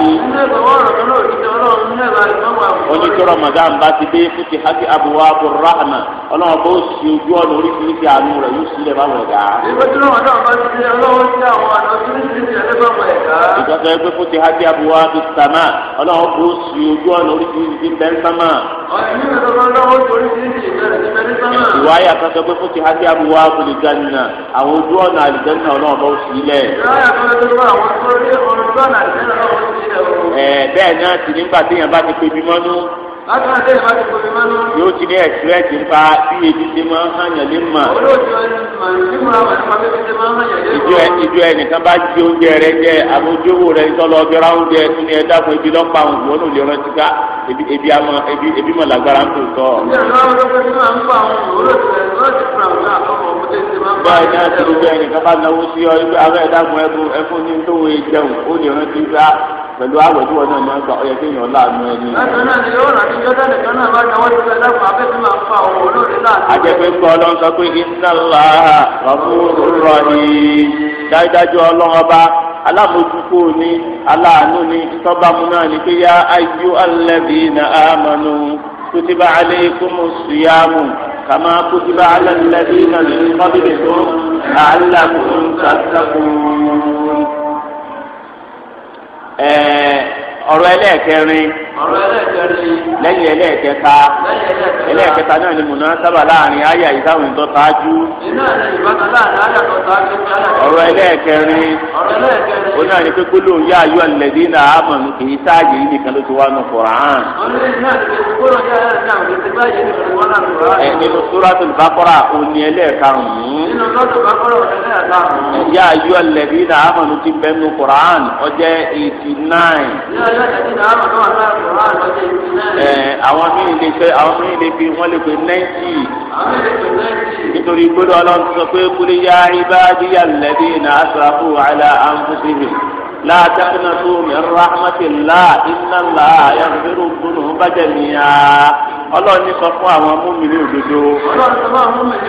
Bukhari. oní tí Ramadan bá ti dé fún ti hajj abuwaabu rahma ọlọ́run bó sì ojú ọ̀nà oríṣiríṣi àánú rẹ̀ yóò sílẹ̀ bá wọ̀ ẹ̀dá. ìjọba ẹgbẹ́ fún ti hajj abuwaabu sama ọlọ́run bó sì ojú ọ̀nà oríṣiríṣi bẹ́ẹ̀ sama. ìwáyà kan sọ pé fún ti hajj abuwaabu lè jẹun àwọn ojú ọ̀nà àlìjẹun náà ọlọ́run bó sílẹ̀. ìwáyà kan sọ pé àwọn ojú ọ̀nà àlìjẹun náà ọlọ́run bó bẹ́ẹ̀ náà ti nígbà téèyàn bá ti pe bí mọ́nú yóò ti ní ẹ̀sìrẹ́sì nípa bí ebi ṣe máa ń hàyàn ní mà. ìjọ ẹnìkan bá jí oúnjẹ rẹ jẹ àmójúwò rẹ sọlọ ọjọra oúnjẹ tún ní ẹ̀dá fún ebi lọ́pàá òun wọn ò lè rántí ká ebi àmọ́ ebi mọ̀ lágbára ń tò sọ. báyìí náà ti ní bí ẹnìkan bá náwó sí ọ ẹgbẹ́ abẹ́ ẹ̀dá mọ́ ẹkún ní tó wọ́n jẹun ó lè rántí ká pẹ̀lú àwẹ̀ tí wọn náà máa ń gbà ọyẹ kéèyàn láàánú ẹni. bákan náà ni yóò rà ní jọ́dá nìkan náà bá jọwọ́ ti fẹ́ dákun abẹ́tí máa ń fa òun olóore ni aláàánú ni tọ́ba mu náà ni pé yá ayú alẹ́bí na àmọ́nù kutiba aleikum siyamu kama kutiba alẹ́bí na lè kọ́ ẹ̀ẹ́. Eh, ọ̀rọ̀ ẹlẹ́ẹ̀kẹrin lẹ́yìn ẹlẹ́ẹ̀kẹta ẹlẹ́ẹ̀kẹta náà ni mùnà sábà láàrin àyà ìdáhùn tó táájú ọ̀rọ̀ ẹlẹ́ẹ̀kẹrin ó náà ni pé gbólóhùn yá ayọ́ ẹlẹ́dí náà àmọ̀nù kì í sáàyè yìí nìkan ló ti wá nù Kùránì. ẹ nínú Suratul Baqara òní ẹlẹ́ẹ̀karùn-ún yá ayọ́ ẹlẹ́dí náà àmọ̀nù ti bẹ́ẹ̀ nù Kùránì ó jẹ́ eighty ẹ àwọn míì lè fẹ́ àwọn míì lè fi wọ́n lè pe náìtì nítorí gbọ́dọ̀ ọlọ́run sọ pé kúlẹ̀ yá ibadiya alladhina asrafu ala anfusihim la taqnatu min rahmatillah inna Allaha yaghfiru dhunuba jami'a ọlọ́run sọ fún àwọn múmìnì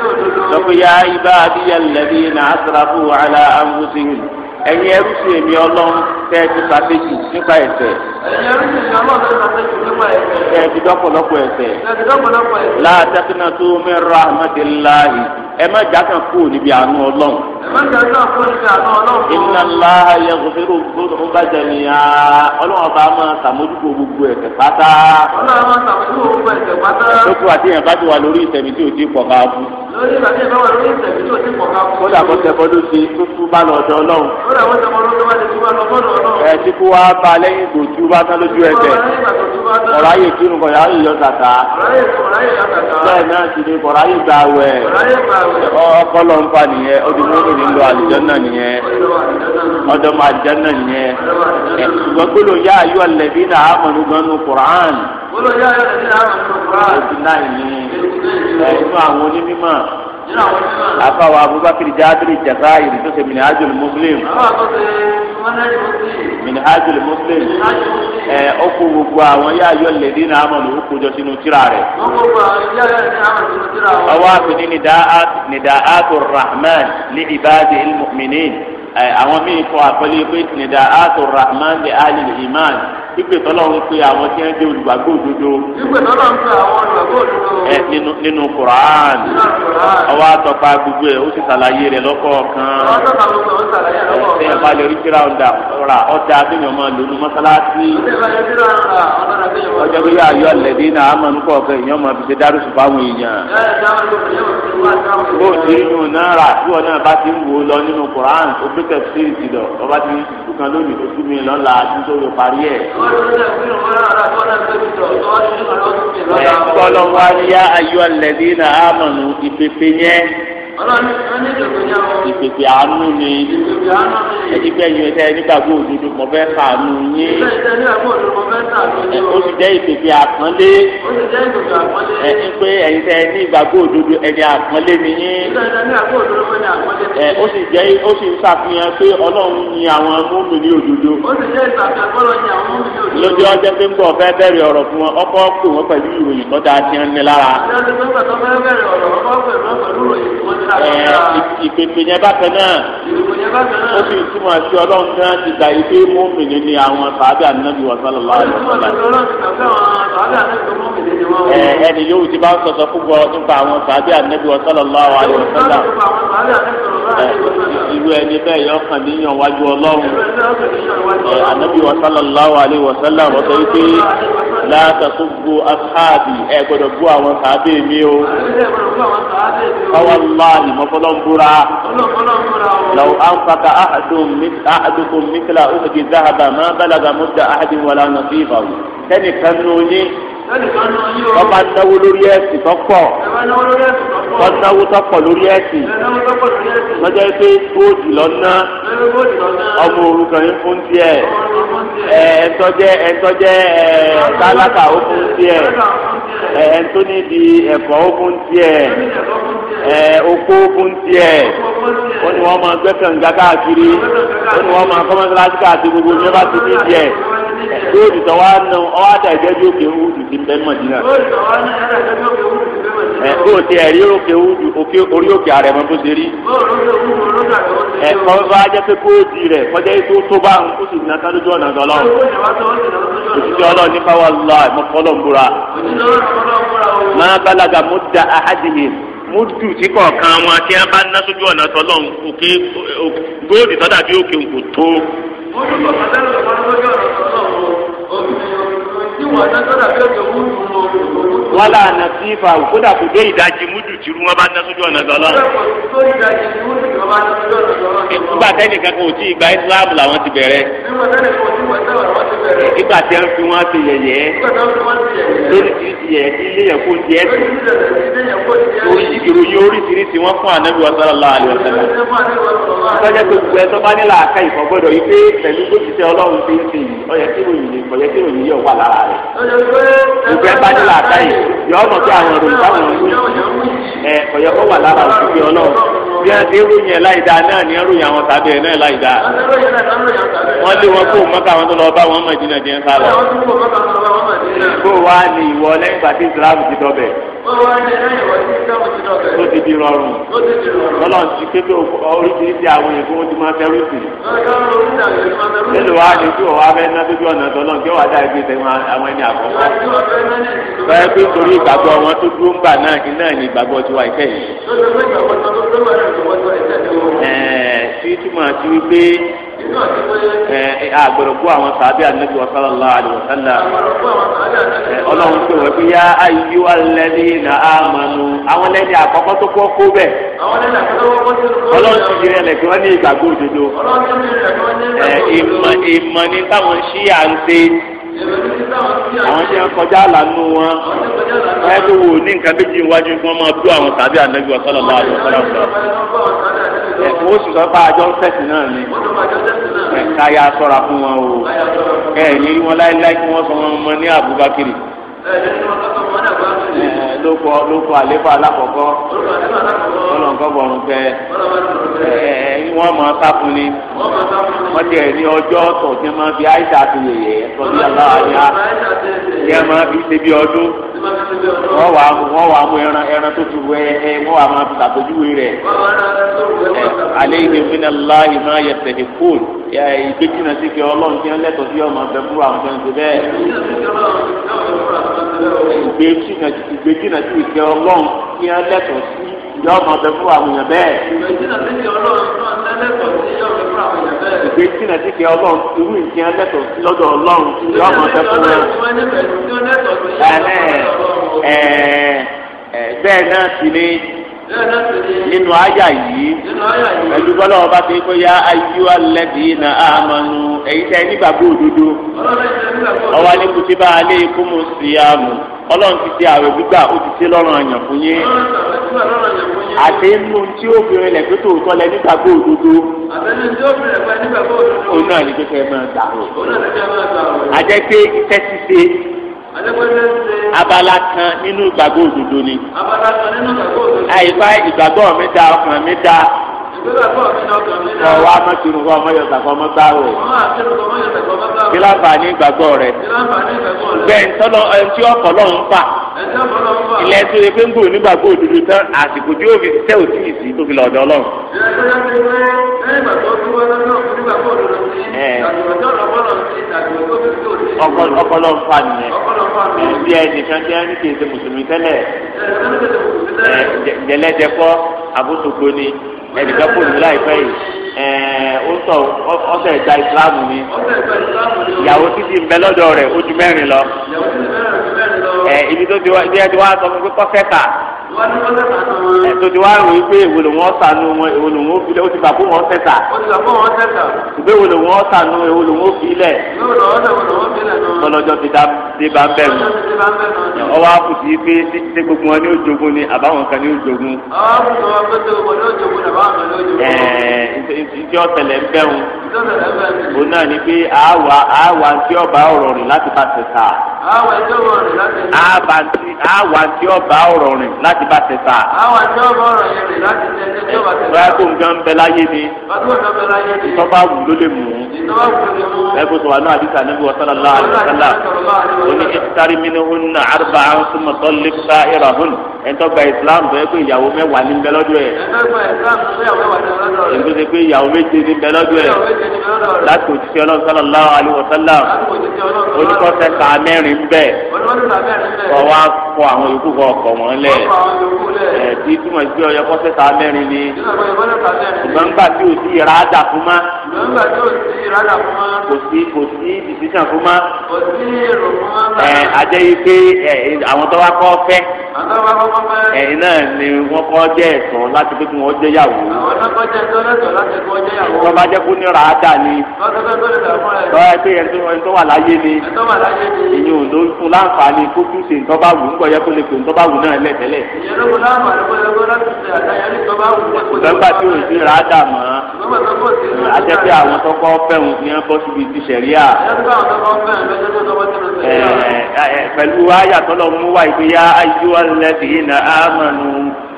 òdodo sọ pé yá ibadiya alladhina asrafu ala anfusihim ẹ̀yin ẹrú sí èmi ọlọ́run tẹ́ ẹ ti pàtẹ́jù nípa ẹ̀ṣẹ̀. ẹ̀yin ẹrú sí èmi ọlọ́run tẹ́ ẹ ti pàtẹ́jù nípa ẹ̀ṣẹ̀. tẹ́ ẹ ti dọ́pọ̀lọpọ̀ ẹ̀ṣẹ̀. tẹ́ ẹ ti dọ́pọ̀lọpọ̀ ẹ̀ṣẹ̀ ẹ má jákàn kúrò níbi àánú ọlọ́run. ẹ má jákàn kúrò níbi àánú ọlọ́run. inna Allaha yaghfiru dhunuba jami'a ọlọ́run ọba máa sàmójúkò gbogbo ẹ̀ṣẹ̀ pátá. ọlọ́run máa sàmójúkò gbogbo ẹ̀ṣẹ̀ pátá. lókù àti yẹn bá ti wà lórí ìtẹ̀mí tí ò ti pọ̀ káàbù. lórí ìgbà tí yẹn bá wà lórí ìtẹ̀mí tí ò ti pọ̀ káàbù. kódà kó tẹ́kọ́ ló ṣe tó tú bá kú wá ba lẹ́yìn tó tú bá tán lójú ẹsẹ̀ ọ̀rọ̀ ayé kírun kọ̀ọ̀rọ̀ ayé yọ tàtà bẹ́ẹ̀ náà sì ni kọ̀ọ̀rọ̀ ayé gbà wẹ̀ ọkọlọ ń fa nìyẹn ọdúnmọ́tò ní lọ àlùjọ́nà nìyẹn ọdọmọ àlùjọ́nà nìyẹn ṣùgbọ́n gbọ́dọ̀ yá ayé ọ̀lẹ́bí náà á mọ̀nú gan nu Qur'an. gbọ́dọ̀ yá ayé ọ̀lẹ́bí náà á mọ̀nú Qur'an afawo abubakar jaabiri jazairi tó ṣe minhajul muslim minhajul muslim ẹ ọkọ eh, gbogbo àwọn yà yọ lẹbi náà amọlù ọkọ jọ sínú tírà rẹ̀. ọwọ́ àfin ni nidaatu rahman li ibadi ilmuminin ẹ eh, àwọn míì kọ àkọlé pé nidaatu rahman li ahli iman ìpè tọ́lọ́ ń pe àwọn tí wọ́n jẹ́ olùgbàgbọ́ òdodo. ìpè tọ́lọ́ ń pe àwọn olùgbàgbọ́ òdodo. ẹ nínú nínú Quran. ọwọ́ àtọ́pá gbogbo ẹ̀ ó sì ṣàlàyé rẹ̀ lọ́kọ̀ọ̀kan. ọ̀tọ́pá gbogbo ẹ̀ ó ṣàlàyé lọ́kọ̀ọ̀kan. ẹ bá lè rí kíra ọ̀dà ọ̀rà ọ̀dà àbẹ̀yàn máa lò ní mọ́sálásí. ọjọ́ bí yàrá yọ lẹ́bí náà àmọ́ nǹkan ọ̀gá èèyàn máa fi ṣe dárúṣù fáwọn èèyàn. bó o ti rí nù náà rà tí wọn náà bá ti ń wò ó lọ nínú Quran ó gbé tẹ̀síìsì lọ ọba ti ń tukàn lónìí ó tún mi lọ́la tó tó lè parí ẹ̀ ẹ̀kọ́ lọ́wọ́ ayé ayọ́ alẹ́dí náà àmọ̀nù ìpèpè yẹn ìpèpè àánú ni ẹdígbẹ́ yín ẹsẹ̀ nígbàgbọ́ òdodo mo fẹ́ ṣàánú yín ó sì jẹ́ ìpèpè àpọ́nlé ẹ pé ẹ̀yin tẹ́ ní ìgbàgbọ́ òdodo ẹni àpọ́nlé ni yín ó sì jẹ́ ó sì ń ṣàfihàn pé ọlọ́run ni àwọn múmi ní òdodo lójú ọjọ́ pé ń bọ̀ fẹ́ bẹ̀rẹ̀ ọ̀rọ̀ fún wọn ọkọ̀ pè wọ́n pẹ̀lú ìròyìn tó dáa tí wọ́n ní lára ìpèpè yẹn bákan náà ó sì túmọ̀ sí ọlọ́run náà ti gbà yìí pé mọ́mìnì ni àwọn sàádà nàbì wà sálọ̀ láàrin ẹni yóò ti bá ń sọ̀tọ̀ púpọ̀ nípa àwọn sàádà nàbì wà sálọ̀ láàrin ọ̀sálà irú ẹni bẹ́ẹ̀ yọ kàn níyàn wájú ọlọ́run ànábì wa sallallahu alayhi wa sallam wọ́n sọ wípé látàkó gbo asáàbì ẹ gbọ́dọ̀ gbó àwọn sàábẹ̀ mi o. ọwọ́ ńlá mọ́fọ́lọ́mbúra lọ́wọ́ anfaka ahadukun mikla uhudi zahaba ma balaga mudda ahadin wala nasifahu kẹ́nìkan nù yín tọ́ba náwó lórí ẹ̀sìn tó pọ̀ tọ́náwó tó pọ̀ lórí ẹ̀sìn tọ́jà pé góòdì lọ́nà ọmọ òrukàn yín fún tiẹ̀ ẹ̀ẹ́dọ́jẹ́ ẹ̀ẹ́dọ́jẹ́ ẹ̀ẹ́dálákà ó fún tiẹ̀ ẹ̀ẹ́dọ́ni di ẹ̀fọ́ ó fún tiẹ̀ ẹ̀ẹ́dọ́kó ó fún tiẹ̀ ó ní wọ́n máa gbẹ́kànga káàkiri ó ní wọ́n máa kọ́mọ́tàlásí káàkiri gbogbo ní ẹ bá ti ní tiẹ̀. tó òdìsọ wa nà ọ àdàgbẹ bí òkè wúdù ti bẹ o òkè di rẹ̀ kọjá ètò tó ń kó òṣìṣẹ́ ọlọ́run nípa wà máa bálaga mo da ahadihim mudu tí kọ̀ọ̀kan wọn tí a bá ná sójú ọ̀nà òkè tọ́dà bí òkè òkò tó. wọ́n là nà sí ifá òkúta kò dé ìdajì múdù tìrú wọn bá ná sójú ọ̀nà gan ìgbà tẹ́lẹ̀ kankan ò tí ìgbà islam làwọn ti bẹ̀rẹ̀ ìgbà tí wọ́n fi wọ́n ti yẹ̀yẹ́ lórí ti ilé yẹn kó ti ẹ̀ tó oríṣiríṣi wọ́n fún ànábì wọn sallallahu alaihi wasallam sọ́jà tó gbogbo tó bá nílà àká ìfọ̀gbọ́dọ̀ yìí pé pẹ̀lú bó ti tẹ ń sìn yìí ọ̀yẹ́ tí ròyìn ọ̀yẹ́ tí ròyìn yóò wà lára rẹ̀ gbogbo bá nílà àká yìí yọ ọmọ tó àwọn ròyìn táwọn ń ẹ ọ̀yẹ́ kó lára òṣìṣẹ́ bí wọ́n ti ròyìn láìda náà ní ròyìn àwọn tàbí ẹ̀ náà láìda. wọ́n lé wọn kó mọ́kà wọn tó lọ bá wọn Mẹdínà jẹ́ sá lọ. kó wá ní ìwọ lẹ́yìn ìgbà Islam ti dọ̀bẹ̀. wọ́n wá ní ẹ̀yìn ìwọ tó ti di rọrùn lọ́nà ti pé oríṣiríṣi àwọn èèyàn tó ti máa fẹ́rù sí. nílùú wa tí òwa fẹ́ ná dójú ọ̀nà tọ́lọ́ kí wàá dáa gbé àwọn ẹni àkọ́kọ́. báyọ̀ pé torí ìgbàgbọ́ wọn tó dúró ń gbà náà kí náà ní ìgbàgbọ́ tiwa ìkẹyìn. sí túmọ̀ sí wípé agbọ̀dọ̀gbọ́ àwọn sàbí ànábi sallallahu alaihi wasallam ọlọ́run tó wọ́n fi yá ayé wa lẹ́ni na amanu àwọn lẹ́ni àkọ́kọ́ tó kọ́ kó bẹ̀ ọlọ́run ti di rẹ̀ lẹ́kẹ́ wọ́n ní ìgbàgbọ́ òdodo ìmọ̀ ní táwọn ṣíyà ń ṣe àwọn tí wọn kọjá lànà wọn ẹ wò ní nǹkan méjì wájú kí wọn máa bú ẹ̀sùn oṣù sọ́pá àjọ sẹ́sì náà ni ẹ̀ka ya sọ́ra fún wọn o ẹ̀yìn wọn láéláé kí wọ́n sọ wọn mọ ní Abubakiri lóko lóko àléfà alákọ̀ọ́kọ́ ọlọ́nkọ́ bọ̀rùn pẹ́ wọ́n máa sá fún ni wọ́n tiẹ̀ ní ọjọ́ ọ̀tọ̀ tí wọ́n máa fi àìsà àti yẹ̀yẹ́ sọ́dí aláwa ni a yẹ máa fi ṣe bí ọdún. wọ́n wà wọ́n wà mú ẹran ẹran tó ti wẹ ẹ wọ́n wà máa tàbójúwe rẹ̀ ẹ alẹ́ ìdè fúnẹ láàyè máa yẹ tẹ̀lé fóònù ẹ ìgbésìnà sí kẹ ọlọ́run tí lẹ́tọ̀ọ́ sí ọmọ fúnra bẹ́ẹ̀ yọ ọmọ ọbẹ fún àwọn èèyàn bẹ́ẹ̀. ìwé tí nàá ti Ọlọ́run náà lẹ́tọ̀ọ́ sí yọ ọbẹ fún àwọn èèyàn bẹ́ẹ̀. ìwé tí nàá ti kẹ Ọlọ́run irú ìkíyàn lẹ́tọ̀ọ́ sí lọ́dọ̀ Ọlọ́run yọ ọmọ ọbẹ fún wọn. bẹ́ẹ̀ náà sì ni nínú àyà yìí pẹ̀lú bọ́lá ọba fi kó ya ayú alẹ́bí na àmọ́nù èyí tẹ́ nígbàgbọ́ òdodo ọwọ́ ní kùtìbà alẹ́ ikú mu sí ọlọ́run ti ṣe àwẹ̀ gbígbà ó ti ṣe lọ́rùn àyàn fún yín àti inú tí obìnrin lẹ̀ pé tòótọ́ lẹ nígbàgbọ́ òdodo òun náà ní kékeré máa gbà ó àjẹ́ pé iṣẹ́ ti ṣe abala kan nínú ìgbàgbọ́ òdodo ni àyíká ìgbàgbọ́ mi da ọkàn mi da kọ wa ma tunu kọ ma yọta kọ ma gbá o kílàfà ní gbàgbọ́ rẹ bẹ́ẹ̀ ntọ́lọ ẹtí ọkọ̀ lọ́n ń fà ilẹ̀ tó yẹ pé ń gbòòrò nígbàgbọ́ òdodo tán àsìkò tí yóò fi tẹ́ òtí yìí sí tó fi lọ ọ̀dọ̀ ọlọ́run. ọpọlọ ń fa nìyẹn bí ẹnìkan jẹ́ ní kí n ṣe mùsùlùmí tẹ́lẹ̀ jẹ́lẹ́jẹ́ kọ́ abótogbo ni ẹnìkan kò ní láìpẹ́ yìí ẹ̀ẹ́n ó sọ ọ̀sẹ̀ ìjà ìsìláàmù ni ìyàwó títí ń bẹ lọ́dọ̀ rẹ̀ ó ju mẹ́rin lọ ẹ̀ ibi tó ti wá ibi ẹ ti wá sọ fún pé kọ́fẹ́ kà ẹ̀tọ́ ti wá rò wípé èwo ló wọ́n sànú wọn èwo ló wọ́n filẹ̀ ó ti gbà fún wọn sẹ́sà. ó ti gbà fún wọn sẹ́sà. ṣùgbọ́n èwo ló wọ́n sànú èwo ló wọ́n filẹ̀. ọlọ́jọ́ ti dá dé bá ń bẹ̀ ọwọ́ àkùtì pé ṣé gbogbo wọn ní òjògùn ni àbáwọn kan ní òjògùn. ọwọ́ àkùtì wọn pé ṣé gbogbo wọn àbáwọn kan ní òjògùn. ẹ̀ẹ́ láti bá ṣe sá. àwọn ẹjọ́ ọ̀rọ̀ yẹn rè láti ṣe ẹjọ́ tí ó bá ṣe sá. bóyá tó nǹkan bẹ láyé ni. ìtọ́ba wù ló lè mú. ìtọ́ba wù ló lè mú. ẹgbẹ́ sọ̀rọ̀ náà àdìsá níbi wa sallallahu alaihi wasallam. ó ní ìtàrí mi ni hun na àrùbá àwọn tó mọ̀ tọ́lé bá ìrà hun. ẹ̀ńtọ́ gba ìsìlámù tó yẹ pé ìyàwó mẹ́wàá ní bẹ́lọ́dọ̀ ẹ̀. ẹ̀ńtọ́ ṣe pé ìyàwó méje ní bẹ́lọ́dọ̀ ẹ̀. láti òjíṣẹ́ ọlọ́run sallallahu alaihi wasallam. oníkọ́sẹ̀ kà mẹ́rin bẹ́ẹ̀. ọ̀wá kọ àwọn yòókù kọ ọkọ wọn lẹ ẹ ti túmọ̀ sí ọyọ kọ́sẹ́ta mẹ́rin ni ìgbọ̀ngbà tí ò sí ìrà àdàkùn máa nígbà tó sí ìrádà fún wa. kò sí kò sí decision fún wa. kò sí èrò fún wa. ẹ ajẹ́ yìí pé ẹ àwọn tó wá kọ́ fẹ́. àwọn tó wá kọ́ fẹ́. ẹ̀yin náà ni wọ́n kọ́ jẹ́ ẹ̀sán láti pé kí wọ́n jẹ́ yàwó. àwọn tó kọ́ jẹ́ ẹ̀sán láti kọ́ jẹ́ yàwó. tó bá jẹ́ kó ní ràádà ni. tọ́wọ́ pé ẹni tó wà láyé ni. ẹni tó wà láyé ni. ìyẹn ò ló fún láǹfààní kó tún ṣe ntọ́ bá wù ń gbọ́ yẹ kó lè pè ntọ́ bá wù náà lẹ̀ tẹ́lẹ̀. ìyẹn ló fún láǹfààní kó lè kó láti pé àwọn tọkọ fẹ́hùn ní ẹbọ síbi ti sẹ̀ríà. pẹ̀lú ayàtọ̀ lọ mú wáyé pé yá ayé wa lẹ́sìn yìí nà á mọ̀ nù.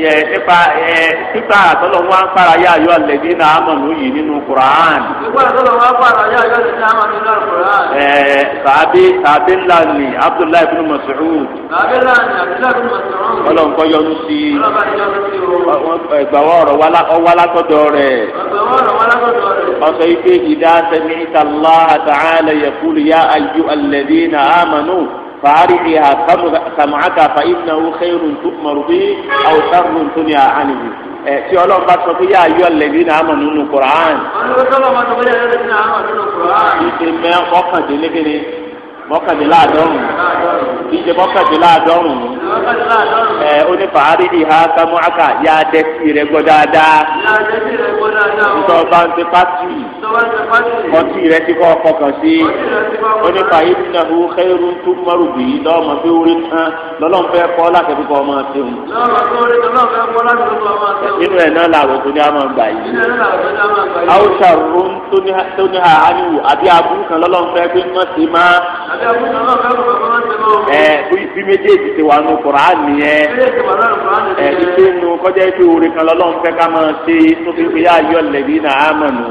ẹ nípa ẹ nípa àtọ́lọ̀ wọn á fara yá ayọ́ alẹ́bí náà amọ̀nù yìí nínú Quran. nípa àtọ́lọ̀ wọn á fara yá ayọ́ alẹ́bí náà amọ̀nù nínú Quran. ẹ sàbí sàbí ńlá ni Abdullahi bin Mas'ud. sàbí ńlá ni Abdullahi bin Mas'ud. ọlọ́run kọ́ yọnu sí i. ẹgbàwọ́ ọ̀rọ̀ wá látọ̀dọ̀ rẹ̀. ẹgbàwọ́ ọ̀rọ̀ wá rẹ̀. ọ̀sẹ̀ ife ìdá sami'ta Allah ta'ala yaqulu فارعها سمعك فإنه خير تؤمر به أو شر تنهى عنه tí ọlọ́run bá sọ pé yá ayọ́ lẹ́bí náà mọ̀ nínú koran. ọlọ́run bá sọ pé yá ayọ́ lẹ́bí náà mọ̀ nínú koran. ìdè mẹ́ ọkàndínlẹ́gbẹ̀rẹ́ mọ́kàndínláàdọ́rùn ìjẹ mọ́kàndínláàdọ́rùn ẹ onífàárí ìhà kámúákà yá dẹ́sí rẹ gbọ́ dáadáa ntọ́ bá ń ti pátì ọtí rẹ ti kọ́ ọkọ̀kan sí onífàárí ìnáwó kẹ́rù tó mọ́rù bì í lọ́mọ fi orí tán lọ́lọ́n fẹ́ kọ́ lákẹ́bí kọ́ ọmọ ṣe wọn. nínú ẹ̀ náà làwọn tó ní a máa gbà yìí àwòṣà rún tó ní ha ánìwò àbí abúrú kan lọ́lọ́n fẹ́ pé wọ́n ti máa ẹ bí méjèèjì ti wà nù Kùránì nìyẹn ẹ ìpè nù kọjá ìpè orí kan lọ́lọ́run fẹ́ ká máa ṣe tó fi fi yá ayọ̀ lẹ́bí náà á mọ̀ nù.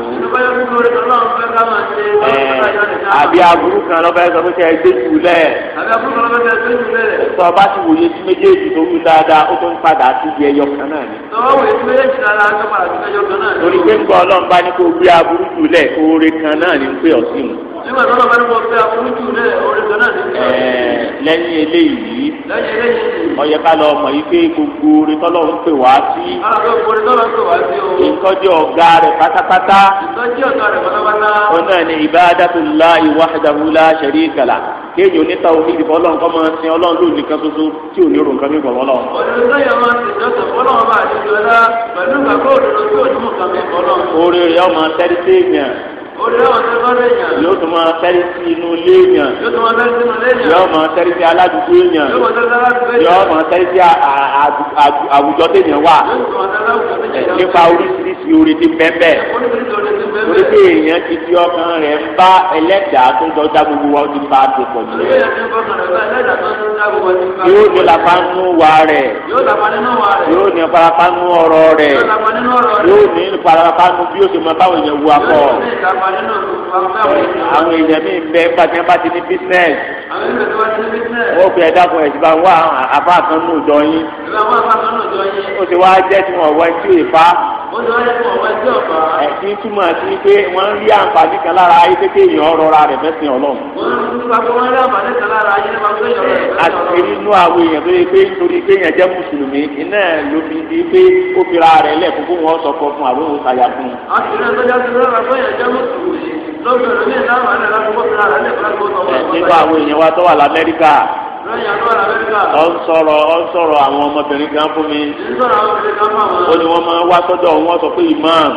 ẹ àbí aburú kan lọ́fẹ́ sọ pé ṣe ẹgbẹ́ jù lẹ̀. àbí aburú kan lọ́fẹ́ sọ ẹgbẹ́ jù lẹ̀. sọ bá ti wòye sí méjèèjì tó wú dáadáa ó tó ń padà sí ibi ẹyọ kan náà ni. sọ wòye sí méjèèjì dáadáa ó tó padà sí ibi ẹyọ kan náà ni. torí pé nǹkan ọlọ́run bá ní kó gbé aburú jù lẹ̀ oore kan náà ni ń pè ọ́ sí mu. nígbà tó lọ́ba ní mo fẹ́ aburú jù lẹ̀ oore kan náà ni ń pè ọ́ sí mu. lẹ́yìn eléyìí ọyẹ ká lọ mọ̀ yìí pé gbogbo orin tọ́lọ̀ ń pè wá sí. ìtọ́jú ọ̀gá rẹ̀ lillahi wahdahu la sharika lah kéèyàn ní tawhid ìdìbò ọlọ́run kọ́ máa sin ọlọ́run lóun nìkan ṣoṣo tí ò ní rò nǹkan mìíràn wọ́n lọ. oríire ọmọ tẹ́lifíṣẹ́ yẹn yóò tún máa tẹ́lẹ̀ sí inú ilé yàn yóò máa tẹ́lẹ̀ sí aládùúgbò yàn yóò máa tẹ́lẹ̀ sí àwùjọ tẹ̀yàn wà nípa oríṣiríṣi orin ti bẹ́ẹ̀ torí pé èèyàn ti fi ọkàn rẹ̀ ń bá ẹlẹ́dàá tó ń dọ́jà gbogbo wa ti bá a tó pọ̀ jù lọ. yóò ní lapanú wa rẹ̀ yóò ní parapanú ọ̀rọ̀ rẹ̀ yóò ní parapanú bí ó ti máa báwọn èèyàn wú akọ àwọn èèyàn mi bẹ pàṣẹ bá ti ní business. business. wọ́n fi ẹ̀dá kan ẹ̀sìn bá ń wá àbá kan nù jọ yín. ó ti wá jẹ́ tí wọ́n wọ ẹtí ìfá. ẹ̀sìn túmọ̀ sí pé wọ́n ń rí àǹfààní kan lára ayé kékeré èèyàn rọra rẹ̀ mẹ́sìn ọlọ́run. àti inú àwọn èèyàn tó yẹ pé nítorí pé èèyàn jẹ́ mùsùlùmí iná ló fi di pé ó fira rẹ̀ lẹ̀ fún kó wọ́n sọ fún àbúrò sàyà fún un. àti ìrìnàjò nípa àwọn èèyàn wa tó wà lamẹ́ríkà ọ ń sọ̀rọ̀ ọ ń sọ̀rọ̀ àwọn ọmọbìnrin kan fún mi ó ní wọ́n máa wá sọ́dọ̀ wọn sọ pé imam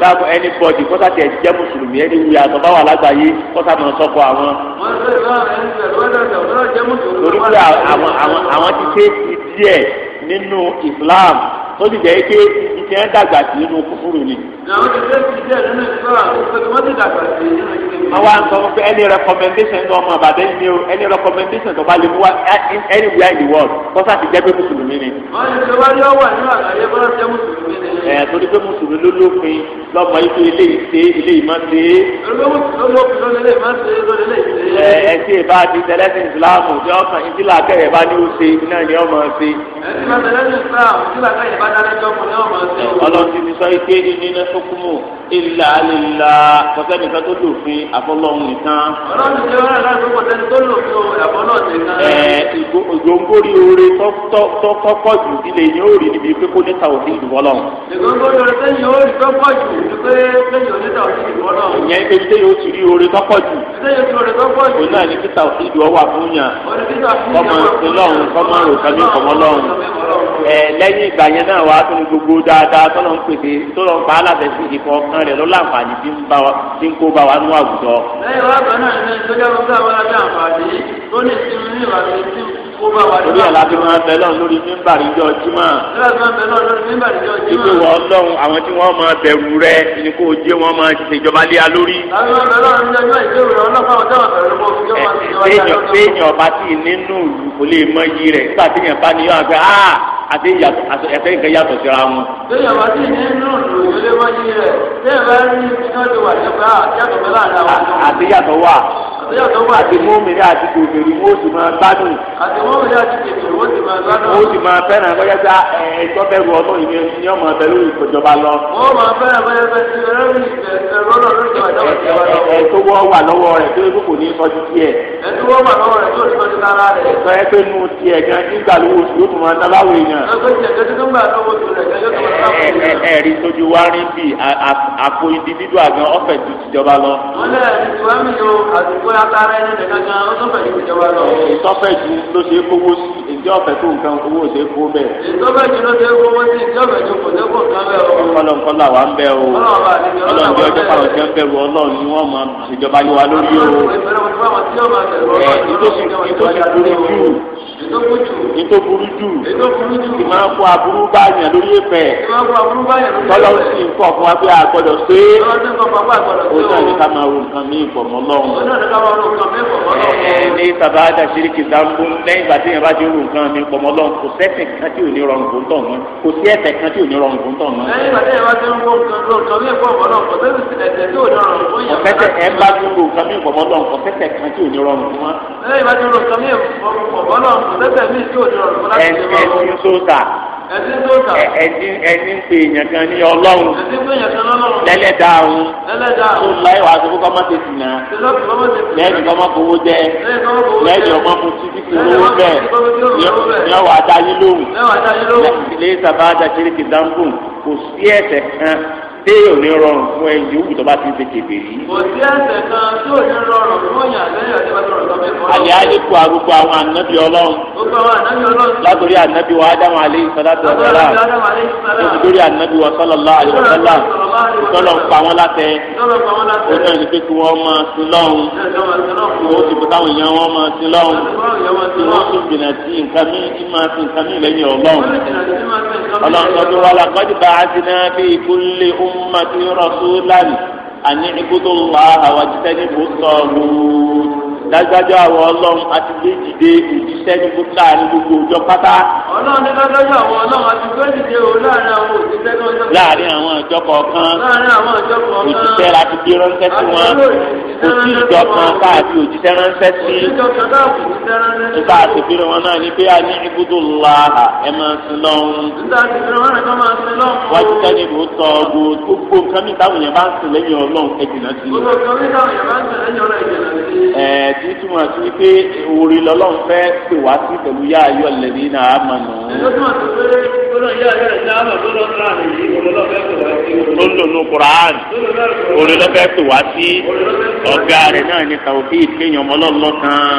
dáàbò anybody kọ́tà tẹ̀ jẹ́ mùsùlùmí ẹni wíyà tó bá wà lágbàáyé kọ́tà máa sọ́kọ àwọn. torí pé àwọn ti ṣe ti díẹ̀ nínú Islam tó ti jẹ́ pé ìtẹ̀ ń dàgbà sí inú kúfúrú ni. àwa ń sọ fún pé any recommendation ní ọmọ àbàdé yìí ni o any recommendation tó bá lè mú wa anywhere in the world kó sáà ti jẹ́ pé mùsùlùmí ni. wọ́n ti ṣe wáyé ọwọ́ nínú àlàyé bọ́lá jẹ́ mùsùlùmí ni. ẹ̀ torí pé mùsùlùmí ló lópin lọ́mọ ife ilé ìṣe ilé ìmọ̀ṣe. olóòpin ló lè má ṣe ló lè ṣe. ẹ ẹ tí ì bá ti tẹlẹsìn ìsìlámù tí ọkàn ìdílé akẹ́yẹ̀ bá ní ó ṣe náà ni ọmọ ṣe. ẹ ti bá tẹlẹsìn ìsìlámù ìdílé akẹ́yẹ̀ bá ọlọ́run ti sọ pé iná iná tó kú mọ́ ilà alìlà kọ́sẹ́ni kan tó lòfin àfọlọ́run nìkan. ọlọ́run ti wọ́n láti kọ́sẹ́ni tó lòfin àfọlọ́run nìkan. ẹ ìgbóngóri oore tọ́kọ́ jù ilé yẹn ó rí níbi pé kó ní tàwọn sí ìdúbọ́ lọ́run. ìgbóngóri oore tẹ́yìn ó rí tọ́kọ́ jù ní pé tẹ́yìn ó ní tàwọn sí ìdúbọ́ lọ́run. ìyẹn pé tẹ́yìn ó ti rí oore tọ́kọ́ jù. tẹ́yìn ó ti rí oore tọ́kọ́ jù. òun náà náà wàá tún ní gbogbo dáadáa tọ́lọ̀ ń pèsè tọ́lọ̀ ń pa alábẹ́sí ìfọ̀ kan rẹ̀ lọ́la àǹfààní tí ń bá wa tí ń kó bá wa nú àwùjọ. lẹ́yìn wá kan náà ní ìtọ́jú àwọn ọ̀gá àwọn alájà àǹfààní tó ní ìsinmi ní ìwà torí ẹ̀ láti máa bẹ lọ́n lórí mímbàrí jọ jímọ̀. ìpè wọ́n lọ́hùn àwọn tí wọ́n máa bẹ̀rù rẹ ni kò jẹ́ wọ́n máa ṣèjọba lé a lórí. téèyàn ọba tí nínú kò lè mọ iyì rẹ̀ nígbà téèyàn bá ní yọ̀ọ́ àgbẹ̀ áà àti ẹ̀fẹ́ nǹkan yàtọ̀ síra wọn. téèyàn ọba tí nínú kò lè mọ iyì rẹ̀ téèyàn bá rí ibi ti wà nípa yàtọ̀ bẹ́ẹ̀ láàrin àwọn ọmọ ọjọ́ àti mọ́mìnrin àti kòkèrè wọ́n sì máa gbádùn. àti mọ́mìnrin àti kòkèrè wọ́n sì máa gbádùn. wọ́n sì máa fẹ́ràn bóyá sá ẹ̀ẹ́dọ́ bẹ̀rù ọmọ ìyẹn ni ọmọ abẹ lórí ìjọba lọ. wọ́n máa fẹ́ràn bóyá sá ẹ̀ẹ́dọ́ lórí ìjọba lọ. ẹ̀ẹ́dọ́ wọ́n wà lọ́wọ́ rẹ̀ tó yẹ kó ní ìtọ́jú tiẹ̀. ẹ̀ẹ́dọ́ wọ́n wà lọ́wọ́ rí bí àpò individual gan ọ̀fẹ́ tó ti jọba lọ. wọ́n lẹ́ẹ̀ẹ́dì tí wọ́n mi lo àdúgbò ká sára ẹni nìkan kan ó tọ́fẹ̀ ju ìjọba lọ. ìtọ́fẹ̀ ju ló ṣe é kówó sí ìjọ ọ̀fẹ́ tó nǹkan owó ṣe é kó bẹ́ẹ̀. ìtọ́fẹ̀ ju ló ṣe é kówó sí ìjọ ọ̀fẹ́ tó kò dẹ́kun kan bẹ́ẹ̀ o. kọlọ̀nkọlọ̀ àwa ń bẹ́ o ọlọ́run ọjọ́ pàrọ̀ jẹ́ ń bẹ̀rù ọlọ́run ni wọ́n máa ṣèjọba yíwa lórí o. ìtòsí ètò burú jù ètò burú jù ìmọ̀ kó aburú bá yàn lórí ẹ̀fẹ̀ tọ́lọ́ sì ń kọ̀ fún wa pé a gbọ́dọ̀ ṣe é o náà ní ká máa ro nǹkan ní ìfọ̀mọ́ lọ́hùn. ẹ ní sábà dàṣírí kì dáńgbó lẹ́yìn ìgbà tí yẹn bá ti ro nǹkan ní ìfọ̀mọ́ lọ́hùn kò sẹ́sẹ̀ kan tí ò ní rọrùn kó ń tọ̀ wọn kò sí ẹ̀sẹ̀ kan tí ò ní rọrùn kó ń tọ̀ wọn. lẹ́yìn ìgbà tí yẹn bá ti ro nǹkan ní ìfọ̀mọ́ lọ́hùn kò sẹ́sẹ̀ ẹ̀sìn tó ta ẹ̀sìn pé èèyàn kan ní ọlọ́run lẹ́lẹ́dà ọ̀hún tó láyé wàá sọ fún kọ́mọ́ tètè náà lẹ́yìn kọ́mọ́ fowó jẹ́ lẹ́yìn ọmọ fún títí kò lówó bẹ́ẹ̀ ní ọwọ́ adáyé lóhùn lẹ́yìn sábà dá ṣeré kìdánkù kò sí ẹ̀ṣẹ̀ kan téèyàn ò ní rọrùn fún ẹyin yòówù tó bá ti ń ṣe kébè rí. kò sí ẹsẹ̀ kan tí ò ní rọrùn fún yàn lẹ́yìn àti bàtà ọ̀rọ̀ tọ́jú ẹ̀kọ́. àlẹ́ àlékún arúgbó àwọn ànábì ọlọ́run. gbogbo àwọn ànábì ọlọ́run. látòrí ànábì wa ádámù alẹ́ ìsọdátù ọ̀sọ́lá. látòrí ànábì wa sọlọ́lá àlùwọ̀sọ́lá. ìtọ́lọ̀ ń pa wọn látẹ. ó náà ní wọn máa sin lọ́hùn. ń أمتي رسولا أن اعبدوا الله واجتنبوا الطاغوت dájúdájú àwọn ọlọ́run àti gbé dìde òjíṣẹ́ ní kó láàrin gbogbo ọjọ́ pátá. ọlọ́run ní dájúdájú àwọn ọlọ́run àti gbé dìde o láàrin àwọn òjíṣẹ́ ní ọjọ́. láàrin àwọn ìjọ kọ̀ọ̀kan. láàrin àwọn ìjọ kọ̀ọ̀kan. òjíṣẹ́ láti gbé ránṣẹ́ sí wọn. kò sí ìjọ kan káàbí òjíṣẹ́ ránṣẹ́ sí. nígbà tí fi wọn náà ní pé a ní ibùdó láha ẹ máa sin lọ́hún. nígbà tí fi wọn náà máa sin lọ́hún. wọ́n ń sìn lẹ́yìn ọlọ́run èyí túmọ̀ sí pé orí lọ́lọ́run fẹ́ pè wá sí pẹ̀lú yá ayọ̀ lẹ́ni náà á mọ̀ nù. tó ń lòlù quran orí lọ́ fẹ́ pè wá sí ọ̀gá rẹ̀ náà ní tawhid kéèyàn ọmọ ọlọ́ọ̀lọ́ kan.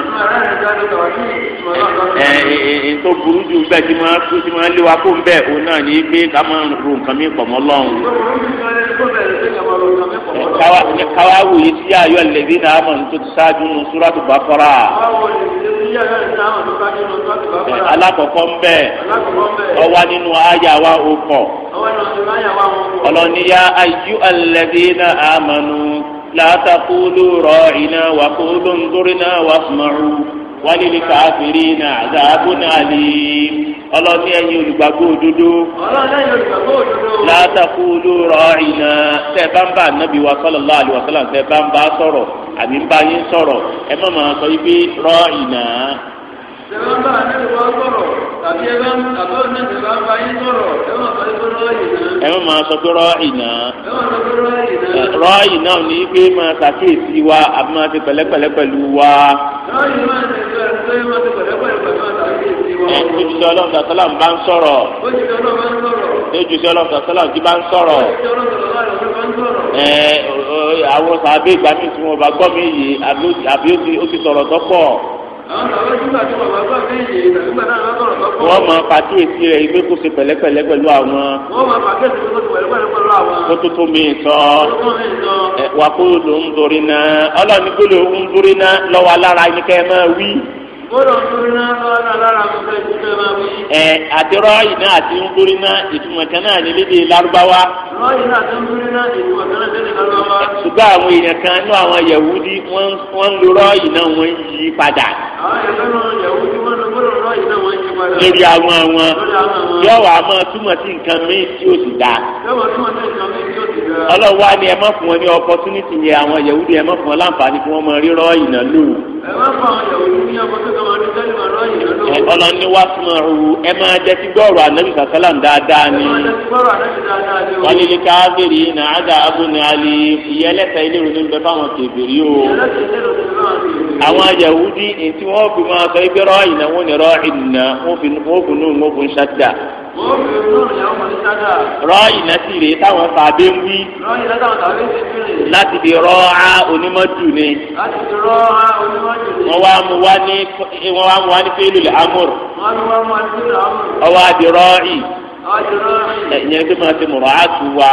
ẹ̀ẹ́n tó burú jù bẹ́ẹ̀ tí máa tó tí máa lé wa kó ń bẹ̀ òun náà ní pé ká máa ro nǹkan mi pọ̀ mọ́ lọ́hùn. káwá wòye sí ayọ̀ lẹ́ni náà mọ̀ nù tó nù súrà sọ́tù bàfọ́rà. Eh, alákọ̀ọ́kọ́ ń bẹ̀ ọwá nínú àyà wa okọ̀ ọlọ́ni yá amanu la taqulu wa qulu ndúrínà wasma'u walil kafirina adhabun alim ọlọ́ni ẹ̀yin olùgbàgbọ́ òdodo. ọlọ́ni ẹ̀yin olùgbàgbọ́ òdodo. la taqulu ra'ina tẹ́ bá ń bá ànábì wa àbí ń bá yín sọ̀rọ̀ ẹ má máa sọ wípé rọ́ ìnà. ṣé wọ́n bá àdéhùn wá sọ̀rọ̀ tàbí ẹ bá àbọ̀ náà ṣe bá bá yín sọ̀rọ̀ ẹ má sọ pé rọ́ ìnà. ẹ má máa sọ pé rọ́ ìnà. ẹ má sọ pé rọ́ ìnà. rọ́ ìnà ni pé máa ṣàkíyèsí wa àbí máa ṣe pẹ̀lẹ́pẹ̀lẹ́ pẹ̀lú wa. rọ́ ìnà ti ń bá ń ń sọ̀rọ̀ àwọn sàbẹ̀ ìgbà mi tí wọ́n bá gbọ́ mi yìí àbí ó ti sọ̀rọ̀ tó pọ̀. wọ́n máa pàkíyèsí rẹ̀ ìgbé kó ṣe pẹ̀lẹ́pẹ̀lẹ́ pẹ̀lú àwọn. wọ́n máa pàkíyèsí rẹ̀ ìgbé kó ṣe pẹ̀lẹ́pẹ̀lẹ́ pẹ̀lú àwọn. kó tó tó mi sọ wà kó ló ń dorí náà ọlọ́ọ̀ni kó ló ń dorí náà lọ́wọ́ alára ẹnikẹ́ máa wí ẹ àti rọ́ọ̀yì náà àti nbúrí náà ìtumọ̀ kan náà ní lédè lárúbáwá. rọ́ọ̀yì náà àti nbúrí náà ìtumọ̀ kan náà lédè lárúbáwá. ṣùgbọ́n àwọn èèyàn kan nínú àwọn yahudi wọ́n ń lo rọ́ọ̀yì náà wọ́n ń yí padà. àwọn èèyàn yahudi wọ́n ń lo rọ́ọ̀yì náà wọ́n ń lórí àwọn àwọn yọ̀wọ̀ àmọ́ túmọ̀ sí nǹkan míì tí ó sì dáa. yọ̀wọ̀ túmọ̀ sí nǹkan míì tí ó sì dáa. ọlọ́wọ́ á ní ẹ má fún wọn ní opportunity yẹn àwọn yahudi ẹ má fún wọn láǹfààní fún wọn mọ rírọ́ ìnà ọlọ́ni wá sùnmọ̀rù ẹ máa jẹ́ ti gbọ́ọ̀rọ̀ ànábì sàkálà dáadáa ni wọ́n lè káfíìrì ní àdá abúlé alẹ́ ìyẹlẹ́ta ilé ìrònú bẹ fáwọn kèbèrè o àwọn Yahudi èyí tí wọ́n fi máa sọ ibi rọ́ọ̀yìn náà wọ́n ní rọ́ọ̀yìn náà wọ́n fi nù wọ́n fi nù ṣáda rọ́ọ̀yì lẹ́sìn rèé táwọn sàbẹ̀ ń wí. rọ́ọ̀yì lẹ́sìn táwọn sàbẹ̀ ń wí. láti di rọ́ọ̀á onímọ̀jù ni. láti di rọ́ọ̀á onímọ̀jù ni. wọ́n wá mu wá ní wọ́n wá mu wá ní fílù amúr. wọ́n wá mu wá ní fílù amúr. ọwọ́ àdì rọ́ọ̀yì. ìyẹn tó máa ti mọ̀rọ̀ á tu wa.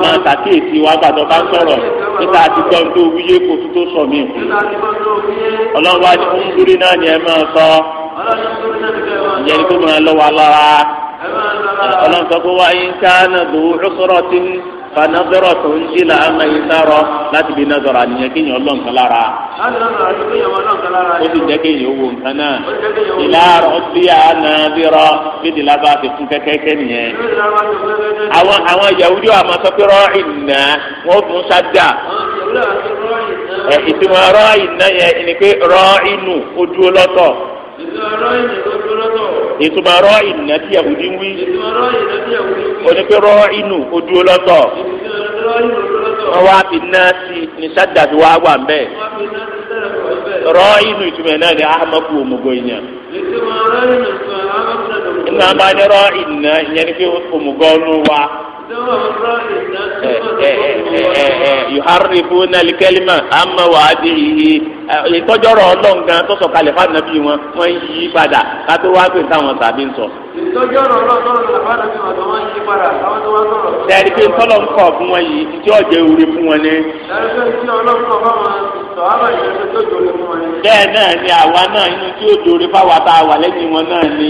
máa tàkìyèsí wa gbàdọ̀ bá sọ̀rọ̀ níta àti gbọ́n tó wíyé kó tó sọ mí. ọlọ́run wá ní ìyẹn ni kó máa lọ wà lára ọlọ́run sọ pé wáyé ń ká náà lò ó ṣọ́rọ̀ tí ń fa nazọrọ tó ń ṣe la ama yìí sárọ láti bí nazọrọ àníyàn kéèyàn ọlọ́run kan lára. ó sì jẹ́ kéèyàn owó nǹkan náà. ìlà ọ̀bíyà nàbírọ̀ bídìí lábá ti fún kẹ́kẹ́kẹ́ nìyẹn. àwọn àwọn yahudi wa máa sọ pé rọ́ọ̀ì fún sádà. ìtumọ̀ rọ́ọ̀ì nà yẹn ni pé rọ́ọ̀ì nù ó dúró ìtumọ̀ rọ ìnà tí yahudi ń wí onípe rọ inú odúró lọ́tọ̀ wọ́n wá fi ná sí ní sádà tí wàá wà mbẹ́ rọ inú ìtumọ̀ náà ni ahamaku omugo yẹn nínú àbá ní rọ ìnà ìyẹn ni pé omugo ọ̀nù wa yuharrifuna al-kalima amma wa'dihi. ìtọ́jọ́rọ̀ ọlọ́ǹgan tó sọ̀kalẹ̀ fànàbí wọn wọ́n ń yí padà kátó wá pé táwọn tàbí ń sọ. ìtọ́jọ́rọ̀ ọlọ́ǹgan fànàbí wọn tó wọ́n ń yí padà àwọn tó wá sọ̀rọ̀. tẹ̀rí pé ń kọ̀ fún wọn yìí tí ọ̀jẹ̀ oore fún wọn ni. bẹ́ẹ̀ náà ni àwa náà inú tí ó dòre fáwa tá a wà lẹ́yìn wọn náà ni.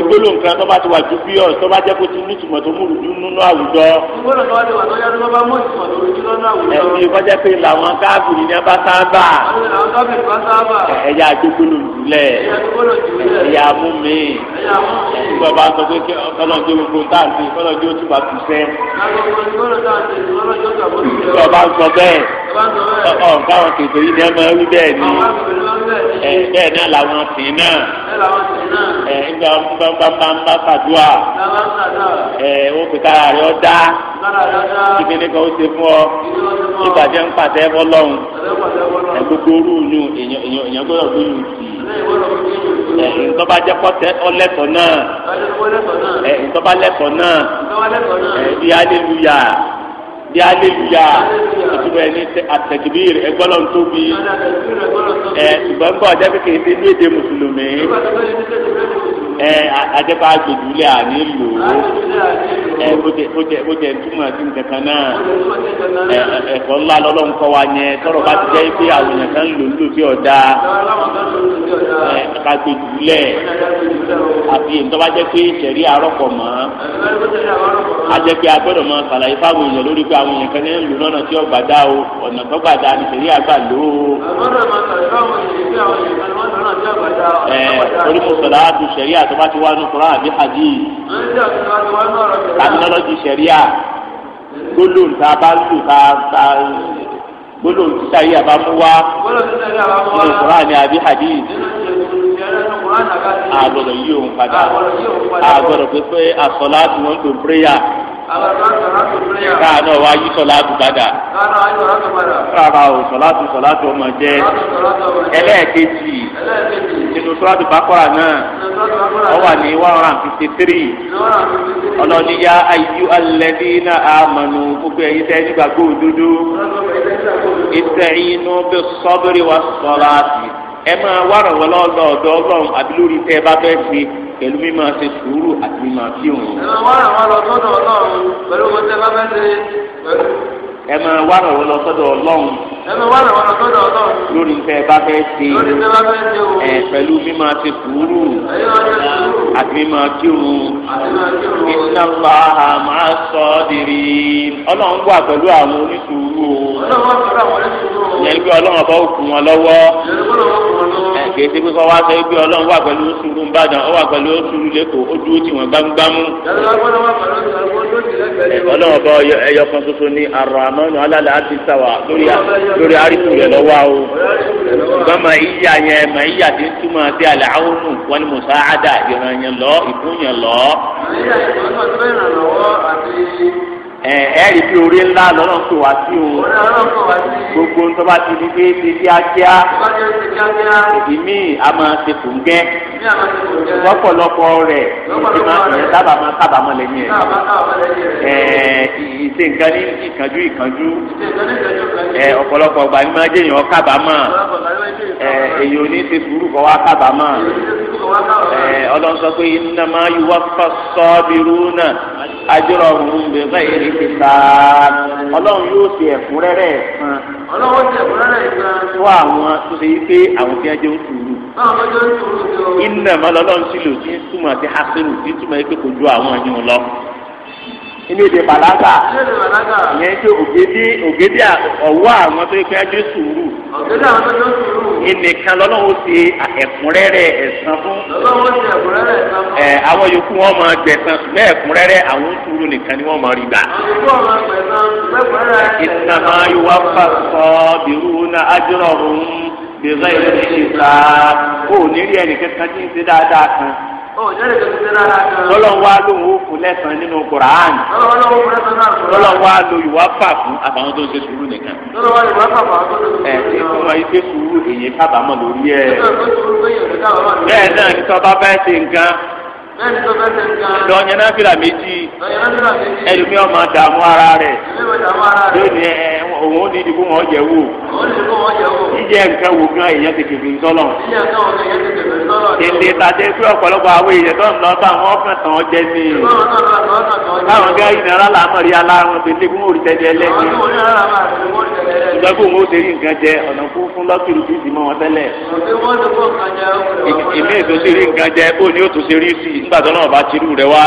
ìgbóló tó bá ti wà ju bí ọ̀ tó bá jẹ́ kó ti ní ìtumọ̀ tó múlùdú nínú àwùjọ. ìgbóló tó bá ti wà tó yá káàbùrì ní abá sábà ẹ̀yà àdókòlò lẹ̀ ẹ̀yà múmi ẹ̀yà bá sọ pé kọ́lọ́dé gbogbo táàsì kọ́lọ́dé ó túbà tù sẹ́. ìjọba bá sọ bẹ́ẹ̀ ọ̀gá àwọn kètò yìí ní ẹ máa wí bẹ́ẹ̀ ni bẹ́ẹ̀ náà làwọn sìn ń bá ń bá ń bá fàdúrà ẹ̀ ó pè kára rẹ̀ ọ́ dá kíkíní kan ó ṣe fún ọ ìbàjẹ́ ń pàtẹ́ ẹ̀fọ́ lọ́hùn ẹ̀ gbogbo orú yun èèyàn gbọ́dọ̀ tó yun sí i ẹ̀ ntọ́ba jẹ́ pọ́tẹ́ ọlẹ́tọ̀ náà ẹ̀ ntọ́ba lẹ́tọ̀ náà ẹ̀ bí aleluya bí aleluya ìtumọ̀ ẹni àtẹ̀kìbíir ẹgbọ́lọ̀ ntóbi ẹ̀ ṣùgbọ́n gbọ́ kékeré ní èdè mùsùlùmí ẹ ajẹ́pá àjòjúlẹ̀ àní lò ó ẹ ó jẹ túmọ̀ sí nǹkan náà ẹ ẹ̀kọ́ ńlá lọ́lọ́run kọ́ wa yẹn tọrọ bá ti jẹ́ pé àwọn èèyàn kan lò ń lò sí ọ̀dà ẹ àjòjúlẹ̀ àti èyí tó bá jẹ́ pé sẹ̀rí arọ́pọ̀ mọ́ ajẹ́ pé agbọ́dọ̀ máa ṣàlàyé fáwọn èèyàn lórí pé àwọn èèyàn kan ní lò lọ́nà tí ọgbà dá o ọ̀nà tó gbà dá ni sẹ̀rí àgbà lò ó. ẹ orí mo sọ̀rọ̀ tó bá ti wá ní Kùránì àbí hadith terminology sẹ̀ríà gbólóhùn tá a bá lù tá a gbólóhùn tí sẹ̀ríà bá mú wá ní Kùránì àbí hadith àgbọ̀dọ̀ yí òun padà àgbọ̀dọ̀ pé pé àsọlá tí wọ́n ń pè pírẹ́yà káàánú wa yí sọláàtù padà rárá o sọláàtù sọláàtù ọmọ jẹ ẹlẹ́ẹ̀kejì nínú sọláàtù bákọ́rà náà ó wà ní one hundred and fifty three ọlọ́niyá ayú alladhina amanu gbogbo ẹ̀yin tẹ́ nígbàgbọ́ òdodo ìtẹ̀yinú bis sabri was salati ẹ máa wá rànwọ́ lọ́dọ̀ ọ̀dọ̀ ọlọ́run àbí lórí tẹ́ ẹ bá fẹ́ ṣe pẹ̀lú mímọ ṣe sùúrù àti mímọ fi òun. ẹ máa wá rànwọ́ lọ́dọ̀ ọlọ́run pẹ̀lú owó tẹ́ ẹ lórí tẹ́ ẹ bá fẹ́ ṣe. pẹ̀lú mímọ ṣe sùúrù. àti mímọ fi òun. inna Allaha ma'a as-sabirin. ọlọ́run wà pẹ̀lú àwọn onísùúrù ọlọ́run wà pẹ̀lú àwọn onísùúrù yẹn pé ọlọ́run ọba ó kù wọn lọ́wọ́ ẹ̀ kì í ṣe pé kọ́ wá sọ pé ọlọ́run wà pẹ̀lú sùúrù ńbàdàn ó wà pẹ̀lú sùúrù lẹ́kọ̀ọ́ ó dúró tì wọ́n gbámúgbámú. ọlọ́run ọba ẹyọ kan ṣoṣo ní aramọ́nù alálẹ̀ àti sàwà lórí àríkù rẹ̀ lọ́wọ́ o. ṣùgbọ́n mà íyà yẹn mà íyà ti ń túmọ̀ sí àlẹ́ àwọnù wọn ni musa ada ìrànyàn lọ ìkúnyàn lọ ẹ ẹ rí bí orí ńlá lọ́nà tó wá sí o gbogbo ntọ́ba ti di pé ti di kíákíá ìmí àmọ́ ṣe kò ń gẹ́. lọ́pọ̀lọpọ̀ rẹ ìyẹn sábà máa kábàámọ̀ lẹ́yìn ẹ̀ ìṣe nǹkan ní ìkánjú ìkánjú ni máa jẹ́ èèyàn kábàámọ̀ èèyàn ní ti sùúrù kọ́ wá pé iná máa yí wá náà ọ̀hún báyìí rí ti ta ọlọ́run yóò ṣe fún àwọn tó ṣe yí pé àwọn ń sùúrù. Inna mọlọlọrun sílò tí ń túmọ̀ sí hasiru tí ń túmọ̀ yẹ pé kò ju àwọn ẹ̀yìn lọ inú èdè bàlágà ìyẹn tó ògèdè ògèdè ọwọ́ àwọn tó yẹ pé ajé sùúrù ògèdè àwọn tó yẹ sùúrù ìnìkan lọ́lọ́wọ́ ṣe ẹ̀kúnrẹ́rẹ́ ẹ̀san fún. lọ́lọ́wọ́ ṣe ẹ̀kúnrẹ́rẹ́ ẹ̀san fún. ẹ àwọn yòókù wọn máa gbẹ̀san ṣùgbọ́n ẹ̀kúnrẹ́rẹ́ àwọn sùúrù nìkan ni wọ́n máa rí gbà. ìtàn máa yọ wá fà sọ bìrù náà ájúrò gbèsè ìlú ṣe ta ó ní rí ẹnì kẹta tí ń ṣe dáadáa kan. ó ní rí ẹnì kẹta dáadáa. lọ́lọ́run wá lóun ó kú lẹ́sàn-án nínú Quran. lọ́lọ́run wá lo ìwà fà fún àtàwọn tó ń ṣe sùúrù nìkan. lọ́lọ́run wá lo fún àtàwọn tó ń ṣe sùúrù nìkan. ẹ ṣe fún ife sùúrù èyí kábàámọ̀ lórí ẹ. bẹ́ẹ̀ náà ní sọ bá fẹ́ ṣe nǹkan lọ́yìn náà fìlà méjì ẹlòmí ọmọ dààmú ara rẹ̀ lónìí ẹ òun ó ní ìdìbò wọn jẹ wò jíjẹ nǹkan wò gan èèyàn ti kìkì sọlọ. èdè tàdé pé ọ̀pọ̀lọpọ̀ àwọn èèyàn tó ń lọ bá wọn kàn tán jẹ ní. báwọn gẹ́gẹ́ ìnira làmọ̀rí aláwọn gbèdéke wọn ò rí tẹ́tẹ́ ẹlẹ́gbẹ̀ẹ́ ìgbàgbọ́ òun ó ṣe rí nǹkan jẹ ọ̀nà kún fún lọ́kìlù tí ìdìmọ̀ wọn tẹ́lẹ̀. ìmí ètò ṣe rí nǹkan jẹ bó ni ó tún ṣe rí sí nígbà tó náà bá tirú rẹ wá.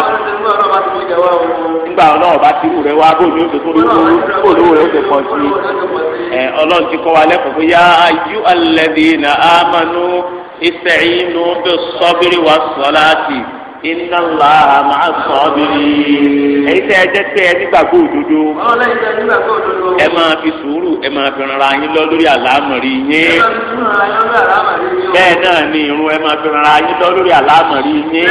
nígbà náà bá tirú rẹ wá bó ni ó tún lówó bó lówó rẹ ó ti pọ̀ sí. ọlọ́run ti kọ́ wa lẹ́kọ̀ọ́ pé yá ayú alladhina amanu ista'inu bis-sabri was-salati iná ńlá máa sọ ọ́ bí èyí tẹ́ ẹ jẹ́ pé ẹ nígbàgbọ́ òdodo ẹ máa fi sùúrù ẹ máa fi rara yín lọ lórí àlámọ̀rí yín bẹ́ẹ̀ náà ni irun ẹ máa fi rara yín lọ lórí àlámọ̀rí yín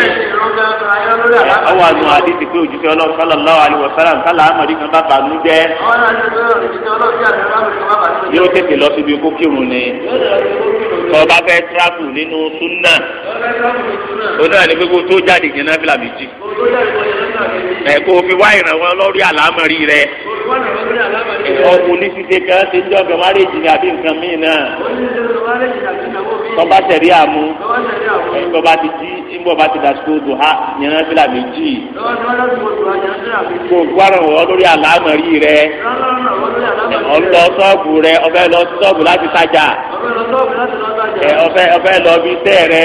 ọwọ́ àánú àdìsí pé òjúṣe ọlọ́run sallallahu alaihi wasallam kálá àmọ̀rí kan bá bàánú jẹ́ yóò tètè lọ síbi kó kírun ni ọba fẹ́ tíráàpù nínú súnà ó náà ní gbogbo tó jáde yẹn náà fìlà méjì ẹ kó o fi wá ìrànwọ́ lórí àlámọ̀rí rẹ ọkùnrin ní ṣíṣe kan ṣe ń jọ ọgbọ̀n wáré jìnnà àbí nǹkan míì náà tọ́ba sẹ̀rí àmú tọ́ba ti jí ńgbọ́ba ti dàsíkò dùn ha yẹn fílà méjì kò gbọ́dọ̀ wọ́n lórí àlámọ̀rí rẹ ọlọ sọ́ọ̀bù rẹ ọbẹ̀ lọ sọ́ọ̀bù láti tajà ọbẹ̀ lọ bí tẹ́ rẹ.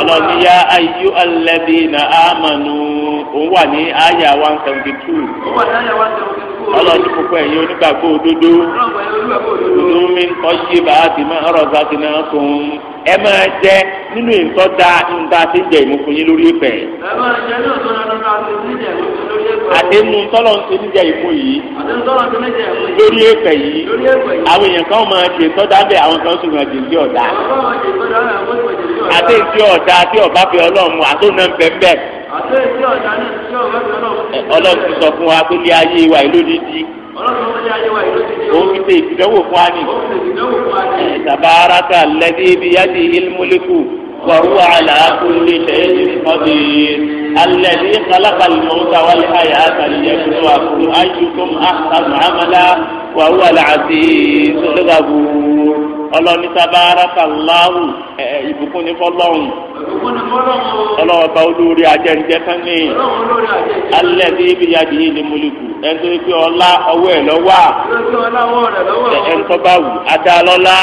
ọlọ́ni ya ayú alẹ́bí na àmànù òun wà ní àyà one seventy two ọlọ́ni púpọ̀ ẹ̀yin onígbàgbọ́ òdodo òdodo mi ń kọ́ yé bàá ti máa ọ̀rọ̀ bá ti náà fún ẹ máa jẹ nínú ìtọ́ da nígbà tí ń jẹ ìmúkun yín lórí ìfẹ́. ẹ máa jẹ nínú ìtọ́ da nígbà tí ń jẹ ìmúkun àdéhùn tọ́lọ̀ ń ṣe níjà ìfọ yìí lórí ìfẹ́ yìí àwọn èèyàn kan máa ṣe tọ́jà bẹ́ẹ̀ àwọn kan sùn máa jẹ́ ọ̀dà. àti èsì ọ̀dà àti ọ̀bá fi ọlọ́run mu àti ònà bẹ́ẹ̀ ọlọ́run ti sọ fún wa pé ilé ayé wa ìlú dídí òun fi ṣe ìdánwò fún wa ni tabaraka alladhi biyadihi ilmúlíkù wa huwa ala kulli shay'in qadir alladhi khalaqa al-mawta wal-hayata liyabluwakum ayyukum ahsanu amala wa huwa al-'azizul ọlọ́ni sábàáràkà láwù ẹ ìbùkún ní fọlọ́hùn ọlọ́wọ́ bá olórí ajẹ́njẹ́ kan ní alẹ́ tí ibi yàgì yìí ni múlùkù ẹni tó fi ọlá ọwọ́ ẹ̀ lọ́wọ́ ẹni tó bá wù adalọ́lá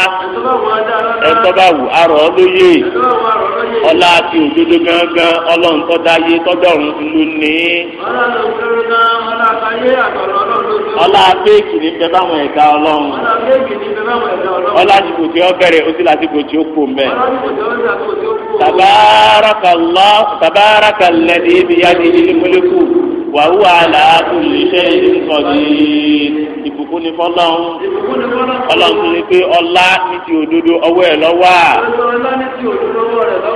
ẹni tó bá wù arọ̀ lóye ọlá àti òdodo gangan ọlọ́run tó dáyé tọ́jọ́rùn lónìí. ọlọ́run kẹrin náà ọlá àtàyé àtọ̀rọ̀ ọlá péèkì ní bẹ báwọn ẹ̀ka ọlọ́run ọlá àsìkò tí ó bẹ̀rẹ̀ ó sì lásìkò tí ó kò mẹ́. tabaraka lẹ́dí ibi yá ni ilé mọ́lẹ́kù wa huwa ala kulli shay'in qadir ìbùkún ni fọlọ́run ọlọ́run ní pé ọlá ní ti òdodo ọwọ́ ẹ̀ lọ́wọ́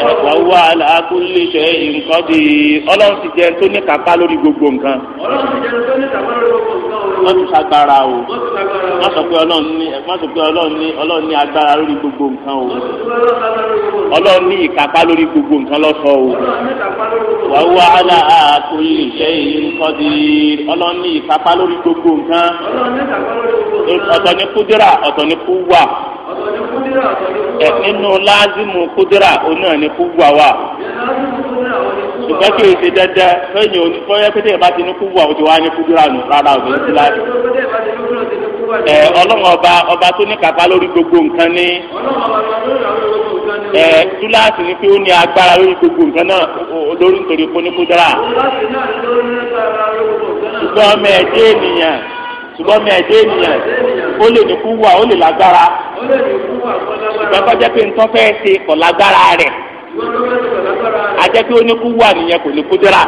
à wa huwa ala kulli shay'in qadir ọlọ́run ti jẹ́ tó ní kápá lórí gbogbo nǹkan. ọlọ́run ti jẹ́ tó ní kápá lórí gbogbo nǹkan wọ́n tún sagbára o wọ́n sọ pé ọlọ́run ní wọ́n sọ pé ọlọ́run ní ọlọ́run ní agbára lórí gbogbo nǹkan o ọlọ́run ní ìkápá lórí gbogbo nǹkan lọ́sọ o wà àlà àtò ilé iṣẹ́ yìí nǹkan di ọlọ́run ní ìkápá lórí gbogbo nǹkan ọ̀tọ̀ ní kúdírà ọ̀tọ̀ ní kúwà ẹ̀ nínú láàzìmù kúdírà òun náà ní kúwà wà. ṣùgbọ́n kí èsì dẹ́dẹ́ òní fọ́yẹ́ pété ìbá ní nù rárá ọba ọba tó ní lórí gbogbo nǹkan ní. ẹ túláàsì ni pé ó ní agbára lórí gbogbo nǹkan náà lórí nítorí pé ó ní kúdúrà. ṣùgbọ́n ọmọ ẹ̀jẹ̀ ènìyàn ṣùgbọ́n ọmọ ẹ̀jẹ̀ ènìyàn ajẹ́ pé ó ní kú wà nìyẹn kò ní kú dira.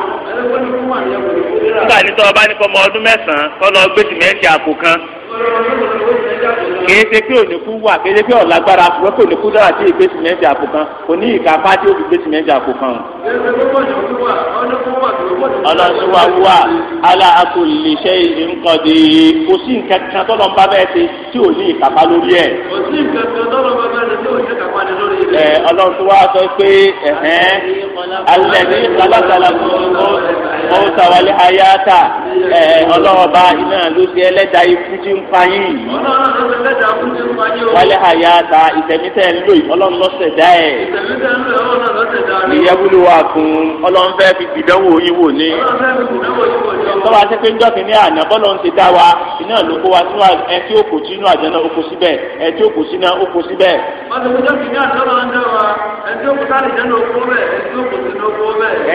nígbà tí tọ́ba ní kọ́ ọmọ ọdún mẹ́sàn-án kọ́ lọ gbé sìmẹ́ǹtì àpò kan. kìí ṣe pé òní kú wà kìí ṣe pé ọ̀làgbára ṣùgbọ́n pé òní kú dára tí ìgbé sìmẹ́ǹtì àpò kan kò ní ìka bá tí ó fi gbé sìmẹ́ǹtì àpò kan. kìí ṣe wà tó ọlọ́sùnwá wà ala kulli shay'in qadir kò sí nǹkan kan tọ́lọ́ bá bẹ́ẹ̀ ṣe tí ò ní ìkápá lórí ẹ̀. kò sí nǹkan kan tọ́lọ́ bá bẹ́ẹ̀ ṣe tí ò ní ìkápá lórí ẹ̀. ẹ ọlọ́sùnwá sọ pé ẹ̀hẹ́n alẹ́ ní kò sàwálẹ̀ ayáta ẹ ọlọ́ọ̀bá iná ló ṣe ẹlẹ́dàá ikú tí ń pa yìí. ọlọ́run wálé àyà ta ìtẹ̀mítẹ̀ ń lò yìí ọlọ́run lọ́sẹ̀ dá ẹ̀. ìyẹ́wúlò wa kun ọlọ́run fẹ́ fi gbìdánwò yín wò ní. tọ́wọ́ àti pé njọ́ kìíní àná bọ́lọ̀ ń ti dá wa iná ló kó wa sínú ẹ tí ó kò sínú àjọ náà ó kó síbẹ̀ ẹ tí ó kò sínú ó kó síbẹ̀.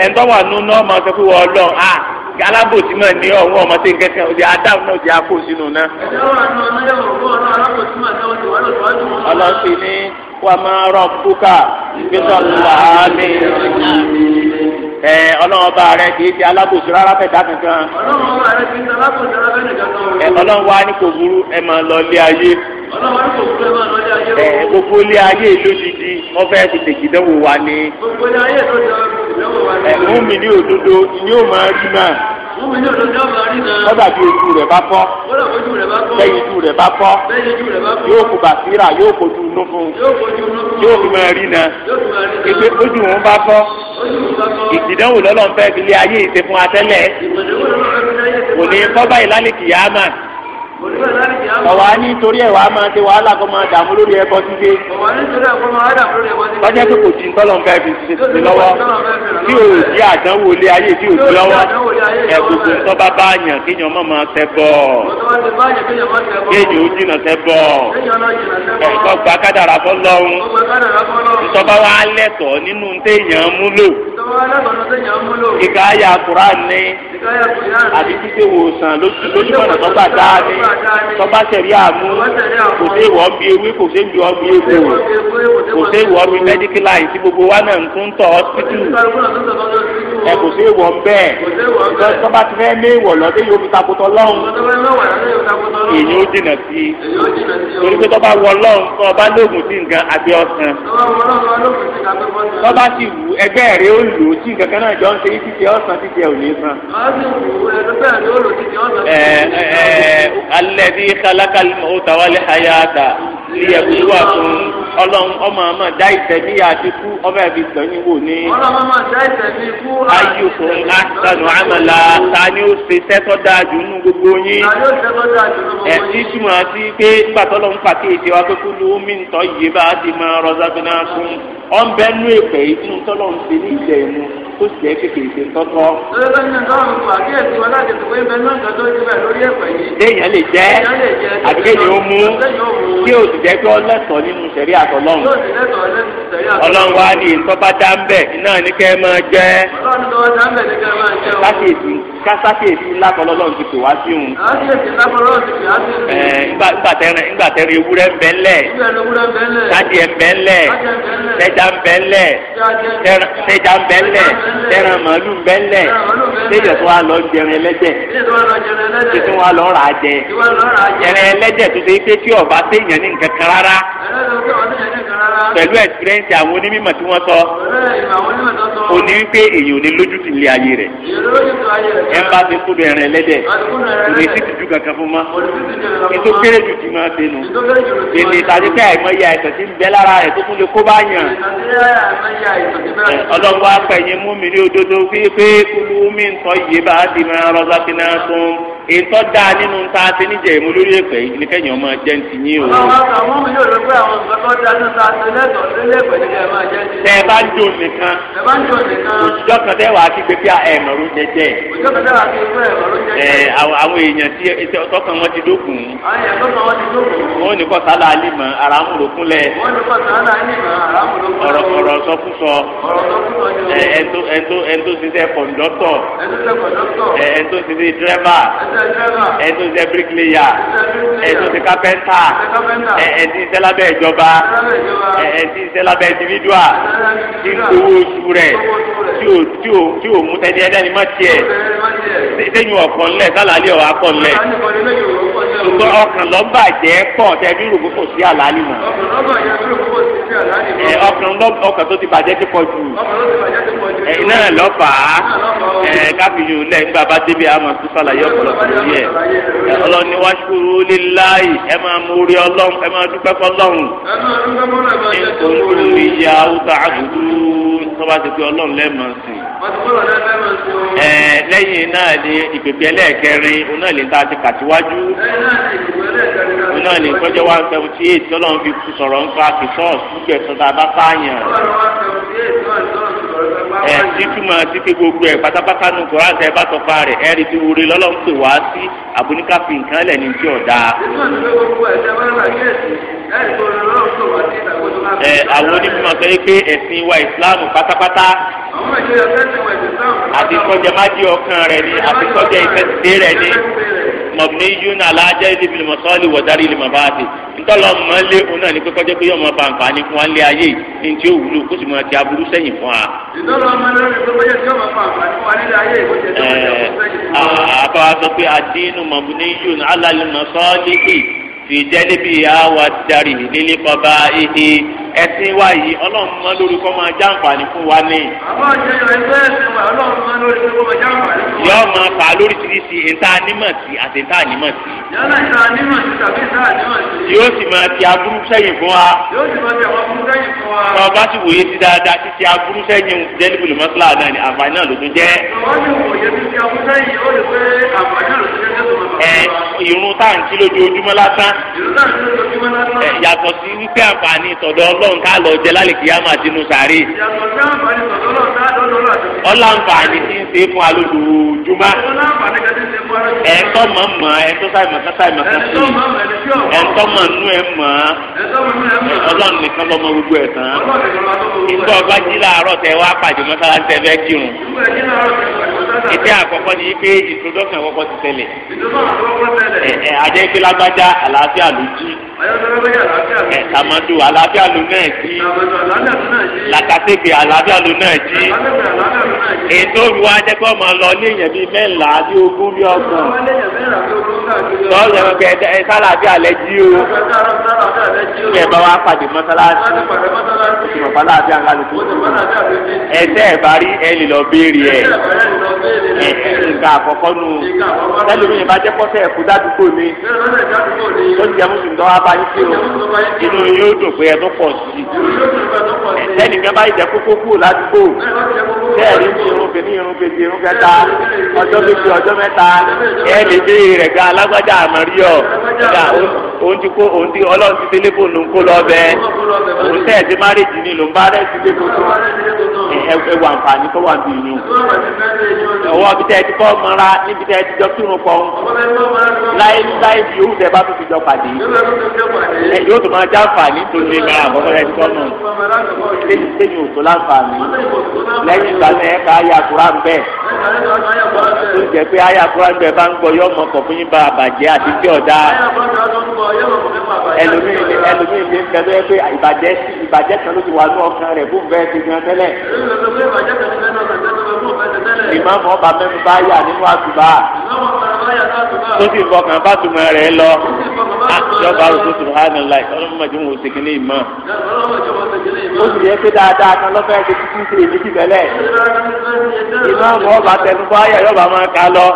ẹ̀ ń tọ́wọ́ àánú náà máa fẹ́ kó wọ ọlọ́run kí alábòsí máa ní ọ̀hún ọmọ tí kẹ́kẹ́ ọ̀dẹ adáhùn náà jẹ́ akó sínú náà. ọlọ́sìn ní wà máa rọ̀ búkà gbèsò làálẹ̀. ẹ ọlọ́ọ̀ba rẹ kìí ṣe alábòsí rárá fẹ̀dá kankan. ọlọ́ọ̀ba rẹ kìí ṣe alábòsí rárá fẹ̀dá kankan. ọlọ́ọ̀wá ní kò burú ẹ máa lọ ilé ayé. ọlọ́ọ̀wá ní kò burú ẹ máa lọ ilé ayé ẹ gbogbo ilé ayé lódìdí wọn fẹẹ fi tètè dánwò wa ni. gbogbo ilé ayé lódìdí dánwò wa ni. ẹ mú mi ní òdodo ni yóò máa rí náà kọ́dà bí ojú rẹ̀ bá fọ́ lẹ́yìn ojú rẹ̀ bá fọ́ yóò kó bàtírà yóò kojú inú fún yóò fi máa rí na ìpè ojú òun bá fọ́ ìdìdánwò lọ́lọ́run fẹ́ẹ́ fi lé ayé ìṣe fún atẹ́lẹ̀ kò ní kọ́ báyìí ọ̀wá ní torí ẹ̀ wá máa ṣe wàhálà kó máa dààmú lórí ẹ̀kọ́ ṣíṣe. ọ̀wá ní torí ẹ̀ kó máa dààmú lórí ẹ̀kọ́ ṣíṣe. lọ́jọ́ tó kò tí ń tọ́lọ̀ nǹkan ẹ̀fìn ṣe ti lọ́wọ́ tí ò di àdánwò ilé ayé tí ò di lọ́wọ́ ẹ̀kùnkùn tó bá bá yàn kéèyàn má máa tẹ bọ̀ kéèyàn ó jìnà tẹ bọ̀ ẹ̀kọ́ gba kádàrà fọ́ lọ́hún ìtọ́ba wa lẹ́tọ̀ọ́ nínú téèyàn mú lò kíkà ayà kúrán ní àbí títí wòsàn lójúmọ̀nà tó bá dáa ní tọ́ba sẹ̀rí àmú kò sí ìwọ́ bí ewé kò sí ìwọ́ bí egbò kò sí ìwọ́ bí medical line tí gbogbo wa náà ń tún tọ̀ hospital ẹ kò sí ìwọ́ bẹ́ẹ̀ tọ́ba ti fẹ́ mé ìwọ̀ lọ́dẹ yóò fi takotọ́ lọ́hùn èyí ó dènà sí i torí pé tọ́ba wọ lọ́hùn tọ́ba lóògùn sí nǹkan abẹ́ ọ̀sán tọ́ba sì wù ẹgbẹ́ rẹ̀ ó lò ó tí nǹkan kan náà jọ ń ṣe alẹ́dí kálákàlì mọ̀ ọ́ta wálé hayata ìyẹ̀kúwà fún ọlọ́run ọmọ ọmọ dá ìtẹ̀mí àti kú ọbẹ̀ fi gbẹ̀yìn wò ní. ọlọ́run ọmọ dá ìtẹ̀mí kú. ayé fún asanu amala ta ni ó ṣe sẹ́tọ́ dáa jù nínú gbogbo yín. ta ni ó ṣe sẹ́tọ́ dáa nínú gbogbo yín. ẹ̀sìn túmọ̀ sí pé nígbà tó lọ́n pàkí ètè wa pé kú ló mí ń tọ́ yé bá a ti mọ rọ́ṣàgbọ́n náà fún ọ̀nbẹ́nu èpè ìtúntọ́lọ́ tó sì jẹ́ kékeré ṣe tọ́tọ́. lọ́dọ̀ ní lè jẹ́ àbíkẹ́yìn ó mú tí o sì jẹ́ pé ọlẹ́sọ̀ nínú sẹ̀rí àtọ̀lọ́run. ọlọ́run wa ni ìtọ́ dá ń bẹ̀ iná ní kẹ́ máa jẹ́. ọlọ́run tó bá dá ń bẹ̀ ní kẹ́ máa jẹ́ kásákèsí lákọlọ lọ́run ti pè wá sí òun. kásákèsí lákọlọ lọ́run ti pè wá sí òun. ẹ ńgbàtẹrẹ ńgbàtẹrẹ ewúrẹ́ ń bẹ ńlẹ̀. sájìẹ ń bẹ ńlẹ̀. tẹja ń bẹ ńlẹ̀. tẹja ń bẹ ńlẹ̀. tẹran màálù ń bẹ ńlẹ̀. tẹjẹ tó wà lọ jẹrin ẹlẹ́jẹ̀. tẹjẹ tó wà lọ rà jẹ. jẹrin ẹlẹ́jẹ̀ tó ṣe pé tí ọba téèyàn ní nǹkan kan rárá. pẹ̀lú ẹ̀sìrẹ́ǹsì àwọn onímọ̀ tí wọ́n sọ. òní wípé èèyàn ò ní lójú ti lé ayé rẹ̀ ẹ bá ti kúrò ẹ̀rìn ẹlẹ́dẹ̀ kò lè sí tìjú kankan fún ma ètò kéré jù ti máa ṣe nu èmi ìtàdé pé àìmọ̀ ya ẹ̀sẹ̀ tí ń bẹ lára rẹ̀ tó kún lè kó bá yàn ọlọ́run wá pẹ̀yìn mú mi ní òdodo wípé kúlú mi ń tọ́ yìí bá ti máa rọ́ṣà fi náà tún ètò dáa nínú ta ṣe níjẹ ìmú lórí èpè ní kẹyìn ọmọ jẹ ń ti yín o. àwọn mi yóò rẹ pé àwọn nǹkan tó dáa nínú ta ṣe lẹ́tọ̀ọ́ lórí èpè ní kẹyìn ọmọ jẹ ń ti yín. tẹ ẹ bá ń jó nìkan. ẹ bá ń jó nìkan. òjijọ́ kan tẹ́ wàá kí pé kí ẹ mọ̀rún jẹjẹ. òjijọ́ kan tẹ́ wàá kí pé ẹ mọ̀rún jẹjẹ. ẹ àwọn èèyàn tí tọkàn wọn ti dókun. àwọn èèyàn tọkàn wọn ti dókun. wọn ò ní kọ́ sálà alímọ̀ ara ń rò kúnlẹ̀. wọn ẹtún ṣe bíríkìlìyà ẹtún ṣe kápẹ́ntà ẹtún ṣe lábẹ́ ìjọba ẹtún ṣe lábẹ́ ìdívídùà tí ń gbowó oṣù rẹ̀ tí ò mú tẹ́ni ẹlẹ́ni má tiẹ̀ sẹ́yìn ọ̀kan lẹ̀ sálàlẹ́ ọ̀ rògbò ọkàn lọ́ba jẹ́ pọ̀ tẹ̀bí rògbò kò sí àlàálì mọ́. ọkàn ọkàn tó ti bàjẹ́ ti pọ̀ jù. ẹ̀yin náà lọ́fàá káfíyù lẹ́gbàá bá débi àmọ́ tó sàlàyé ọ̀pọ̀lọpọ̀ lórí ẹ̀. ọlọ́ni wá ṣúrú líláì ẹ máa mú orí ọlọ́run ẹ máa dúpẹ́ fọlọ́run. nítorí ìyá ọ̀tá àdúgbò tó bá ti pé ọlọ́run lẹ́ẹ̀mọ́ sí i lẹ́yìn náà ni ìpèpè ẹlẹ́ẹ̀kẹrin òun náà lè ta ti kàtíwájú òun náà ní kọjá one seventy eight tọ́lọ́n fi kú sọ̀rọ̀ nípa kìsọ́ọ̀sì gbígbẹ̀ sọ́dọ̀ abáfáàyàn. ẹ títúmọ̀ títí gbogbo ẹ̀ pátápátá nu koran tẹ́ bá tọpa rẹ̀ ẹ rí ti wúre lọ́lọ́n pè wá sí àbúníká fi nǹkan lẹ̀ ní tí ọ̀dà. ẹ àwọn onímọ̀ sọ pé ẹ̀sìn wa ìsìláàmù pátápátá àti sọ́jà májí ọkàn rẹ̀ ni àti sọ́jà ìfẹsẹ̀ rẹ̀ ni mabniyun ala jaydi bil masali wa dari lil mabati ntọ́lọ́ mọ́lẹ́ òun náà ní pé kọ́jọ́ pé yóò máa ba àǹfààní fún wa ń lé ayé ní tí ó wúlò kó sì máa ti aburú sẹ́yìn fún wa. ìtọ́lọ́ mọ́lẹ́ òun ní pé kọ́jọ́ pé yóò máa ba àǹfààní fún wa ń lé kó sì máa ti aburú sẹ́yìn fún wa. àbá sọ pé àdínú mabniyun ala lil masali ẹ̀sìn wa yìí ọlọ́run mọ́ lórí kọ́ máa jàǹfààní fún wa ní. àbá ṣe ìrẹsẹ̀ ẹ̀sìn wa ọlọ́run mọ́ lórí kọ́ máa jàǹfààní fún wa. yọ́ọ́ máa fà á lórí títí ìta anímọ̀ sí àti ìta anímọ̀ sí. yálà ìta anímọ̀ sí tàbí ìta anímọ̀ sí. yóò sì máa ti aburú sẹ́yìn fún wa. yóò sì máa ti àwọn aburú sẹ́yìn fún wa. tọ́ bá ti wòye sí dáadáa títí aburú sẹ́yìn jẹ́líbìlì mọ́sálà náà ni àǹfààní náà ló tún jẹ́. tọ́ bá ti wòye títí aburú sẹ́yìn ó lè pé àǹfààní náà ló tún jẹ́ irun tá à ń kí lójoojúmọ́ lásán. irun tá à ń kí lójoojúmọ́ lásán. yàtọ̀ sí wípé àǹfààní tọ̀dọ̀ ọlọ́run tá a lọ jẹ lálẹ́ kìí àmà sínú sàárè. ọlànfààní ti ń ṣe fún alójoojúmọ́. ẹ̀tọ́ mọ̀ mọ̀ ẹ̀tọ́ sáìmọ̀ sáìmọ̀ kan sí i mọ̀ nú ẹ̀ mọ̀ ọlọ́run nìkan lọ́mọ gbogbo ẹ̀ tán. ìgbọ́ jí tẹ wá pàjọ́ ìdí àkọ́kọ́ ni pé introduction àkọ́kọ́ ti tẹ̀lẹ̀ ẹ ajẹ́ pé lágbájá àlàáfíà ló jí ẹ tàmọ́dù àlàáfíà ló náà jí làkàtẹ́gbẹ̀ àlàáfíà ló náà jí ètò ìwà ajẹ́ pé ọmọ lọ ní èèyàn bíi mẹ́ńlá bí ogún bí ọgbọ̀n lọ́ọ̀lù ẹ̀rọ pé ẹ sálàáfíà lẹ jí o ẹ bá wa pàdé mọ́sálásí òsì mọ̀pálá àti àǹkálùkù ẹ̀sẹ̀ ẹ̀ bá rí ẹ̀ lè lọ béèrè ẹ̀. nǹkan àkọ́kọ́ nù ẹlòmíyìn bá jẹ́ pọ́tẹ́ ẹ̀kú dádúgbò ni ó ti jẹ́ mùsùlùmí sí o inú yóò dùn pé ẹ̀tún pọ̀ sí i bá kókó ládùúgbò irun irun irun kẹta ọjọ méjì ọjọ dé alágbájá òun ti kó òun ti ọlọ́run ti délé ń kó òun márèjì ni bá ọwọ́ abitẹ́ ẹ ti kọ́ mọ́ra níbi tẹ́ ẹ ti jọ kírun pọ̀ láyé láyé bí yòówù tẹ́ bá tó ti jọ pàdé ẹ yóò tó máa jáǹfààní tó ṣe náà àkọ́kọ́ ẹ ti kọ́ nù lẹ́yìn òtó láǹfààní lẹ́yìn ìgbà náà ẹ ká ayé àkúrà ń bẹ̀ tó jẹ́ pé ayé àkúrà ń bẹ̀ bá ń gbọ́ yọ ọmọ kọ̀ fún yín bá àbàjẹ́ àti tí ọ̀dà ẹlòmíì ní ẹlòmíì ní kẹlẹ́ ìmáàmù ọba mẹ́nu bá yà nínú àtúbà tó sì fọkàn bá tùmọ̀ rẹ̀ lọ yọba àrùn tó ah, tùmọ̀ hánà láì ọlọ́mọdé wọn ò sì kí ní ìmọ̀ ó sì yẹ pé dáadáa kan lọ́fẹ́ ṣe títí ṣe èmi jì mẹ́lẹ̀. iná mọ́ ọba tẹnubọ́ ayé yọba máa ka lọ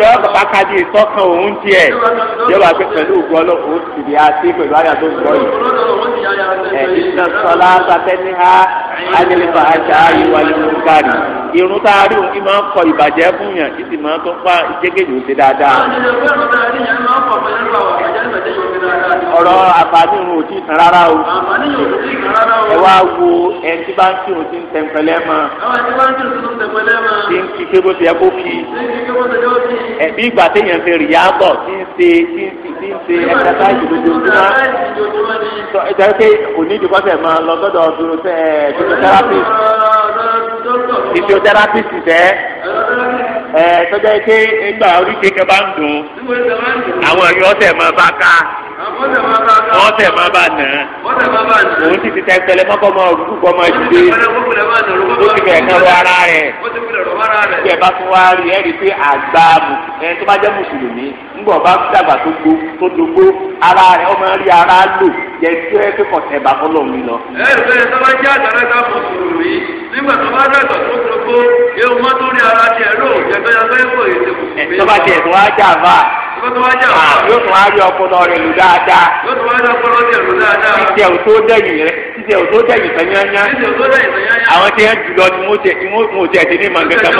yọba pàkàdé ìtọ́kàn òun tiẹ̀ yọba pé pẹ̀lú ògùn ọlọ́kùn ó sì rí àti pẹ̀lú àyà tó ń bọ̀ yìí. ẹ̀ ìtàn sọlá sàtẹ́ni ha ánìlẹ́fà àṣà ìwàlẹ̀ mọ́kárì irun tá a rí òun kí máa ń kọ ìbàjẹ́ fún yàn kí sì máa tó pa ìjẹ́gẹ́jì òun dáadáa. ọ̀rọ̀ àfààní òun ò tí ì tán rárá o ẹ wá wo ẹ tí bá ń tí o ti ń tẹ̀pẹ̀lẹ́ mọ́. ti ń kí kébó ti yẹ kó kí. ẹ̀bí ìgbà téèyàn fi rìyà bọ̀ tí ń ṣe tí ń ṣe tí ń ṣe ẹ̀ka táyì lójoojúmọ́. ìtàgé pé òní ìdíkọ́sẹ̀ máa lọ sọ́dọ̀ dúró sẹ́ ẹ̀ fíjọ́tẹ́rápì. fíjọ́tẹ́rápì sì fẹ́ ẹ̀ tọ́jà pé ìgbà oríṣi kẹ bá ń dùn àwọn ẹ̀yọ́ tẹ̀ máa bá ká wọ́n tẹ̀ máa bá nà á òun sì ti tẹ́pẹ́lẹ́ mọ́kọ́ máa rúkú kọ́ máa ṣe ó ti bẹ̀rẹ̀ kan rọ ara rẹ̀ bí ẹ bá tún wá rí ẹ rí i pé àgbà ẹ tó bá jẹ́ mùsùlùmí ńgbọ̀n bá dàgbà tó gbó tó dogbó ara rẹ̀ ọmọ rí ara lò jẹ́ tí ó yẹ pé kọ̀tẹ́ bá fọlọ́ mi lọ. ẹ ẹ bẹ́ẹ̀ tó bá jẹ́ àgbàrá ká mùsùlùmí nígbà tó bá dàgbà tó dogbó ewu mọ́tò rí ara tiẹ̀ lò jẹ́ tó yóò tún wá jẹ ah, ọkọ. yóò tún wá rí ọpọlọ rẹ lù dáadáa. yóò tún wá rí ọpọlọ rẹ lù dáadáa. títẹ ò tó dẹ̀yìn rẹ títẹ ò tó dẹ̀yìn tán yányá. títẹ ò tó dẹ̀yìn tán yányá. àwọn tí wọn jùlọ ni wọn tẹ wọn ò tẹ ẹdín ní màgẹkẹ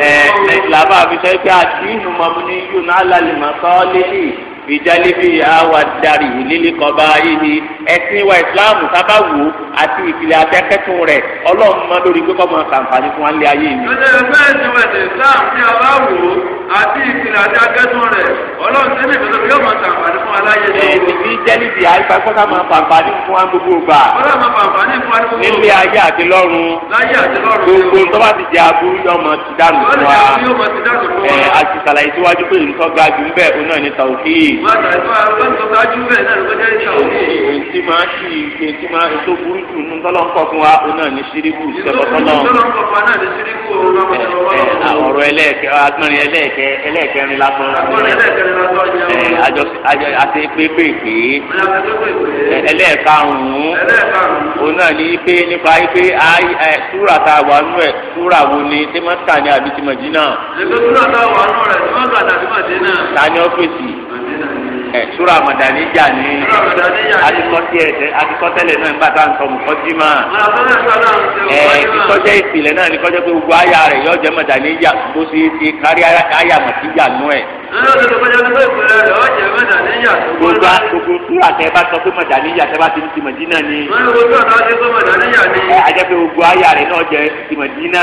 ẹ ẹ làbá àbíṣe pé àdínù mọ̀mú ni yóò náà lálẹ́ mọ̀ ìjálíbi àwa darí lílí kọba yìí ẹsìn wa ìsìláàmù sábà wò àti ìpìlẹ̀ àtẹ́kẹ́tù rẹ̀ ọlọ́run mọ́ lórí pé kọ́mọ sàǹfààní fún wa lé ayé mi. ọjọ́ ìfẹ́ ìsìn wa ìsìn islam ní ọba wò àti ìpìlẹ̀ àtẹ́kẹ́tù rẹ̀ ọlọ́run sẹ́ni ìfẹ́ yóò mọ sàǹfààní fún wa láyé mi. ẹ̀ẹ́dì jẹ́líbi àyíká kọ́sà máa fàǹfààní fún wa gbogbo gbà. ọlọ́run máa fàǹfààní fún wa gbogbo gbà. nílé ayé àti lọ́run. gbogbo tó bá ti jẹ aburú yóò mọ ti dànù fún wa. ọlọ́run yóò mọ ti dànù fún wa. àti sàlàyé síwájú pé nǹkan jù ń bẹ̀ ìbáta tó àwọn tó dájú bẹ́ẹ̀ náà ló kọjá ìjà òun. èyí tí máa ṣì èyí tí máa tó burú jù nínú tọ́lọ́kọ̀ fún wa òun náà ní síríkù sọlọ́tọ́lọ́. tọ́lọ́kọ̀ fún wa náà ní síríkù òun náà wọ́n lọ́wọ́. ọ̀rọ̀ ẹlẹ́ẹ̀kẹ́ agbọ́nrin ẹlẹ́ẹ̀kẹ́ ẹlẹ́ẹ̀kẹrin lásán. agbọ́nrin ẹlẹ́ẹ̀kẹrin lásán yẹn. àjọ àti pépèpé. ẹlẹ́ẹ̀karùn-ún. òun náà ní pé nípa pé súrà tá a wà ni tí mọ́tà ni àbí ẹ sura amadani jà ní adikọtẹ adikọtẹlẹ náà nígbà tá à ń sọ mùkọtí mà ẹ kíkọjẹ ìpìlẹ̀ náà ní kọjẹ pé gbogbo àyà rẹ yọjẹ amadani jà bó ṣe ti kárí àyà màtí jà nú ẹ gbogbo gbogbo tẹ bá sọ pé madaniya tẹ bá ti ti madina ni. ajẹ́ pé gbogbo aya rẹ̀ náà jẹ́ ti madina.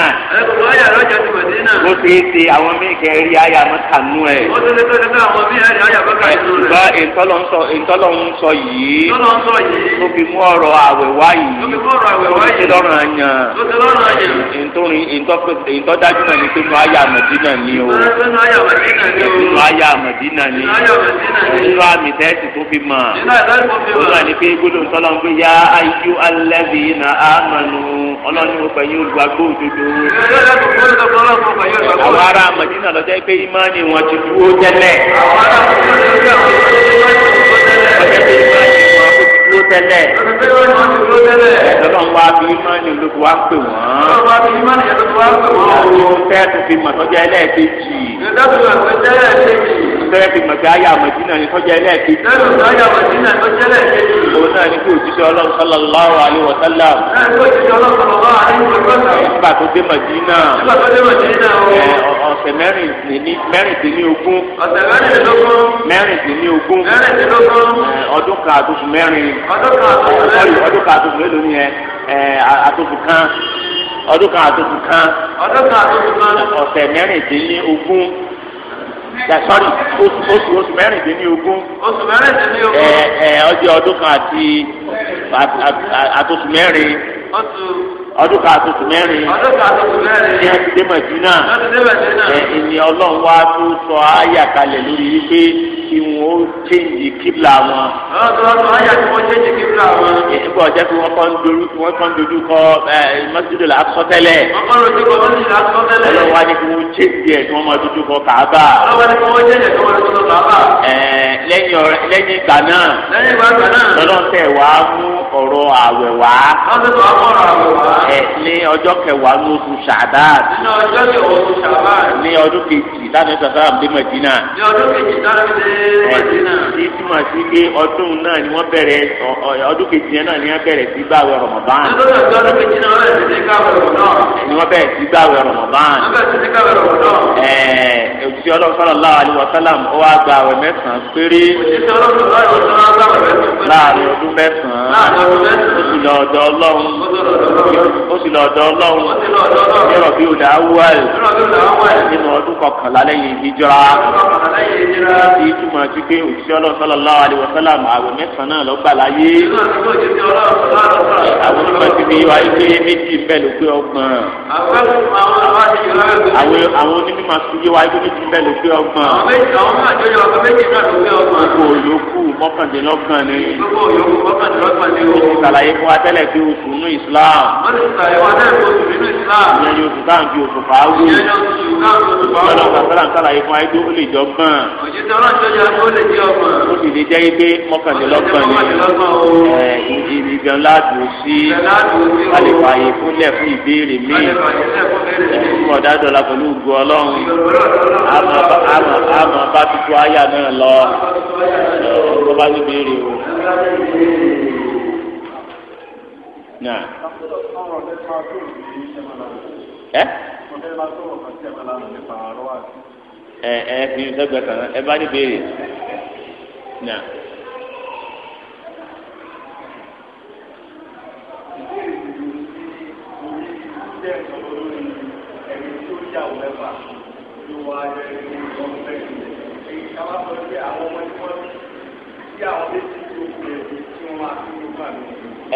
o ṣe é ṣe àwọn míì kẹ́ rí aya mọ́ta nú ẹ̀. ṣùgbọ́n ìtọ́lọ̀ ń sọ yìí tó fi mú ọ̀rọ̀ àwẹ̀ wá yìí tó fi ṣe lọ́rùn àyàn. ìtọ́dájú náà ni pé nù àyà àmọ̀dínà ni nínú àmì tẹ́sí tó fi mọ̀ nínú àmì pé gbólóhùn tọ́lọ́ ń gbé yá ayú alẹ́bí na àmọ̀nù ọlọ́ni mo pẹ̀yìn olùgbàgbọ́ òdodo. àwọn ará àmọ̀dínà lọ́jọ́ pé ìmánì wọn ti dúró tẹ́lẹ̀. àwọn ará àmọ̀dínà lọ́jọ́ pé tẹ́lẹ̀. Ọlọ́run wa fi ìmọ̀ni olóko wa pè wọ́n. Ọlọ́run wa fi ìmọ̀ni olóko wa pè wọ́n. Ìyàwó tẹ́ẹ̀tù fi mọ̀tọ́jà ẹlẹ́ẹ̀kejì. Ìyàwó tẹ́ẹ̀tù fi mọ̀tọ́jà ẹlẹ́ẹ̀kejì tẹ́lẹ̀ fi mọ̀tẹ́ ayé àmọ̀dínà ni tọ́jà ẹlẹ́ẹ̀kejì. lẹ́nu tó ayé àmọ̀dínà tọ́jà ẹlẹ́ẹ̀kejì. òun náà ni kí òjíṣẹ́ ọlọ́run sallallahu alaihi wa sallam. lẹ́nu tó òjíṣẹ́ ọlọ́run sallallahu alaihi wa sallam. nígbà tó dé mọ̀dínà. ọdún kan àtúntò mẹ́rin. ọdún kan àtúntò mẹ́rin. ọdún kan àtúntò mélòó ni sọ́rí oṣù oṣù mẹ́rìndínlógún. oṣù mẹ́rìndínlógún. ẹ eh, ẹ eh, ọjọ́ ọdún kan àti àtúnṣù mẹ́rin. oṣù. ọdún kan àtúnṣù mẹ́rin. ọdún kan àtúnṣù mẹ́rin. ní ẹtì dé Mẹdínà. ẹtì dé Mẹdínà. ẹ eh, ẹni ọlọ́run wá tó sọ ayà kalẹ̀ lórí wípé kí wọn ó chéǹjì kíbla wọn. ọ̀dọ́dọ́ ayé àti wọ́n chéǹjì kíbla wọn. ìgbà ọ̀jẹ́ kí wọ́n kàn dojú kí wọ́n kàn dojú kọ mọ́sídìdì làásọ tẹ́lẹ̀. wọ́n kàn dojú kọ mọ́sídìdì làásọ tẹ́lẹ̀. ọlọ́wà ni kí wọ́n chéǹjì ẹ̀ kí wọ́n máa dojú kọ kàába. ọlọ́wà ni kí wọ́n chéǹjì ẹ̀ kí wọ́n máa dojú kọ kàába. ẹ lẹ́yìn ìgbà náà. lẹ́yìn ìgbà náà. lọ́dọ̀ tẹ̀ wá mú ọ̀rọ̀ àwẹ̀ wá. wọ́n ti sọ ọ̀rọ̀ àwẹ̀ wá. ẹ ní ọjọ́ kẹwàá ní oṣù ṣàdáàd. nínú ọjọ́ kẹwàá oṣù ṣàdáàd. ní ọdún kejì láti ọjọ́ sáà dé mẹ̀dínà. ní ọdún kejì láti dé mẹ̀dínà. ẹ túmọ̀ sí pé ọdún náà ni wọ́n bẹ̀rẹ̀ ọdún kejì yẹn náà ni wọ́n bẹ̀rẹ̀ sí gbààwẹ̀ Ramadan. ọdún kejì náà ni wọ́n bẹ̀rẹ̀ sí gbààwẹ̀ Ramadan. ẹ òṣìṣẹ́ ọlọ́run sallallahu alaihi wasallam ó wá gba àwẹ̀ mẹ́sàn-án péré. láàrin ọdún mẹ́sàn-án ó sì lọ ọ̀dọ̀ ọlọ́run ó sì lọ ọ̀dọ̀ ọlọ́run yọ̀rọ̀ bí òdà awúwẹ̀l nínú ọdún kọkànlá lẹ́yìn ìdíjọ́ra ti túmọ̀ sí pé òṣìṣẹ́ ọlọ́sọ́lọ́ lọ́wọ́ àdìwọ̀sọ́lá àwẹ̀ mẹ́sàn-án náà lọ́gbà láyé àwọn onímọ̀ ti fi wáyé pé méjì bẹ́ẹ̀ ló pé ọgbọ̀n àwọn onímọ̀ ti fi wáyé pé méjì bẹ́ẹ̀ ló pé ọgbọ̀n gbogbo yòókù mọ́kàndínlọ́gbọ̀n ni tí o ṣàlàyé fún atẹ́lẹ̀ pé oṣù nínú Islam. wọ́n ti ṣàlàyé wọn náà oṣù nínú Islam. ìyẹn ni oṣù táwọn fi oṣù fàá wù. ìyẹn ni oṣù táwọn fi oṣù fàá wù. ìjọba sọ́lá ń ṣàlàyé fún ayé tó lè jọ gbọ́n. òjijì ọlọ́jọ́ yà tó lè jẹ́ ọgbọ̀n. ó sì lè jẹ́ pé mọ́kànlélọ́gbọ̀n ni ìdí gan láàdùn sí alèfààyè fúnlẹ̀ fún ìbéèrè míì. ìfún ọ̀dà dọ̀la pẹ̀lú ògùn Ọlọ́run. àmọ́ bá tuntun àyà náà lọ. ọ Eh? Eh, eh, náà. ẹ. ẹ ẹ fi sẹgbẹ kan ẹ bá ní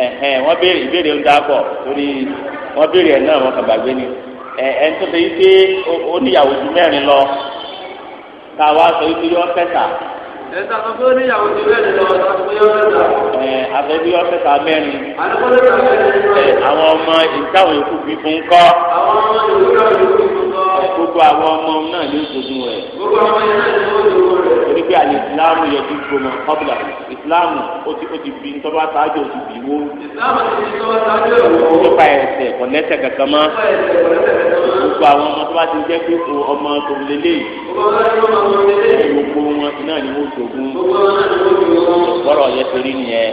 ẹ̀hẹ́n wọ́n béèrè ìbéèrè ń dáàbọ̀ torí wọ́n béèrè ẹ̀ náà wọ́n kàn gbàgbé ni ẹ̀ẹ́n tó ṣe yí pé ó níyàwó ju mẹ́rin lọ ká wá sọ yí pé yọ fẹ́ta. ẹ̀ẹ́dà sọ pé ó níyàwó ju mẹ́rin lọ sọ pé yọ fẹ́ta. ẹ̀ẹ́ àfẹ́ bí yọ fẹ́ta mẹ́rin. àwọn ọmọ ìtàwọn yòókù fi fún kọ́. àwọn ọmọ ìtàwọn yòókù fi fún kọ́. gbogbo àwọn ọmọ náà ló pé àlè ìsìláàmù yẹ kí gbọmọ ọbìlà ìsìláàmù ó ti ó ti fi ntọ́ba sáájú ó ti bì wó. ìsìláàmù ti fi ntọ́ba sáájú ó ti bì wó. nípa ẹsẹ̀ kò lẹ́sẹ̀ kankan mọ́. gbogbo àwọn ọmọ tó bá ti jẹ́ pé kò ọmọ tó ń lélẹ̀ yìí. gbogbo wọn náà ni wọ́n jogun. gbogbo wọn náà ni wọ́n jogun. ọ̀rọ̀ yẹ torí nìyẹn.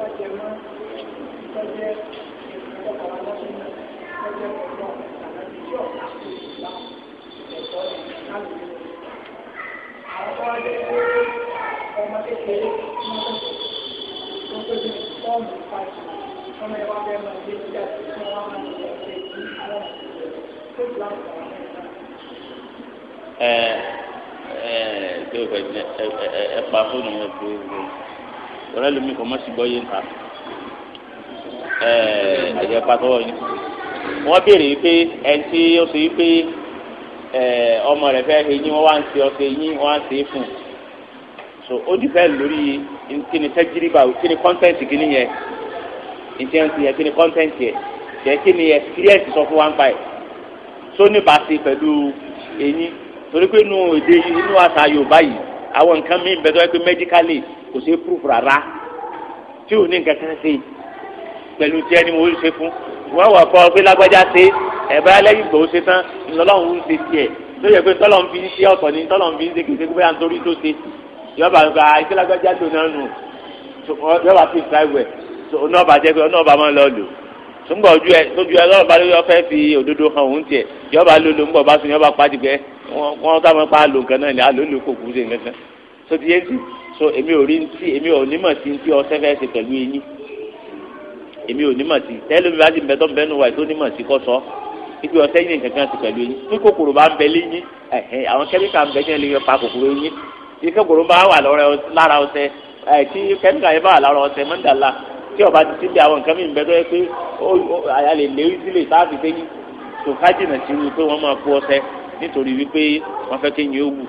ẹ ẹ ẹ ẹ pa fóònù yẹn gbogbo ọ̀rẹ́ lomi kọ́ mọ́sí gbọ́ yé nǹka ẹ̀ẹ́ àjẹ́ pàtọ́wọ́ yín. wọ́n béèrè pé ẹni tí ó ṣe pé ọmọ rẹ̀ fẹ́ eyín wọ́n wá ń ṣe ọṣẹ eyín wọ́n á ṣe é fún un. so ó dìfẹ́ lórí kí ni tẹ́jìrìbà kí ni kọ́ńtẹ́ǹtì kí ni yẹn ìjẹun yẹn kí ni kọ́ńtẹ́ǹtì yẹn jẹ́ kí ni experience sọ fún wa ń pa ẹ̀ tó ní baasi pẹ̀lú eyín torí pé inú èdè inú àṣà Yorùbá yìí àwọn nǹkan mí bẹ́ẹ̀ tó yẹ pé medically kò ṣe proof rárá tí ò ní nǹkan kan ṣe pẹ̀lú tiẹ̀ ni mo ṣe fún wọ́n wà kọ́ pé lágbájá ṣe ẹ̀bá lẹ́yìn gbòó ṣe tán ńlọ́lọ́run ń ṣe tiẹ̀ tó yẹ pé tọ́lọ̀ ń fi ṣe ọ̀tọ̀ ni tọ́lọ̀ ń fi ṣe kìí ṣe pé à ń torí tó ṣe yọba gba iṣẹ́ lágbájá tó náà nù yọba fi ṣe àìwẹ̀ náà bàjẹ́ pé náà bá máa lọ lò ńgbà ojú ẹ lójú ẹ lọ́rọ̀ bá lórí ọ̀fẹ́ fi òdodo hàn òun tiẹ̀ yọba lolo ńgbà bá sun yọba pàdé pé wọ́n sábà pa lò nǹkan náà ni àlòlò kò kú ṣe nǹkan sọ ti yé ti so èmi ò rí ntí èmi ò nímọ̀ sí ntí ọsẹ fẹ́ ṣe pẹ̀lú eyín èmi ò nímọ̀ sí tẹ́lẹ̀ mi bá ti bẹ̀tọ̀ bẹ́nu wa ètò nímọ̀ sí kọ́ sọ ibi ọsẹ yìí kankan ṣe pẹ̀lú eyín tí kòkòrò bá ń bẹ léyìn ẹ̀hẹ́ àwọn kẹ́míkà ń bẹ ní ẹlẹ́yìn pa kòkòrò eyín tí kòkòrò bá wà lára ọsẹ ẹ̀ tí kẹ́míkà yẹn bá wà lára ọsẹ mọ́ndàlá tí ọba ti síbi àwọn nǹkan mìíràn bẹ́tọ̀ yẹ pé àyà lè léwu sílẹ̀ sáàfì sẹ́yìn tòkájìnà sí wípé wọ́n máa kó ọsẹ nítorí wípé wọ́n fẹ́ kéyìn ó wù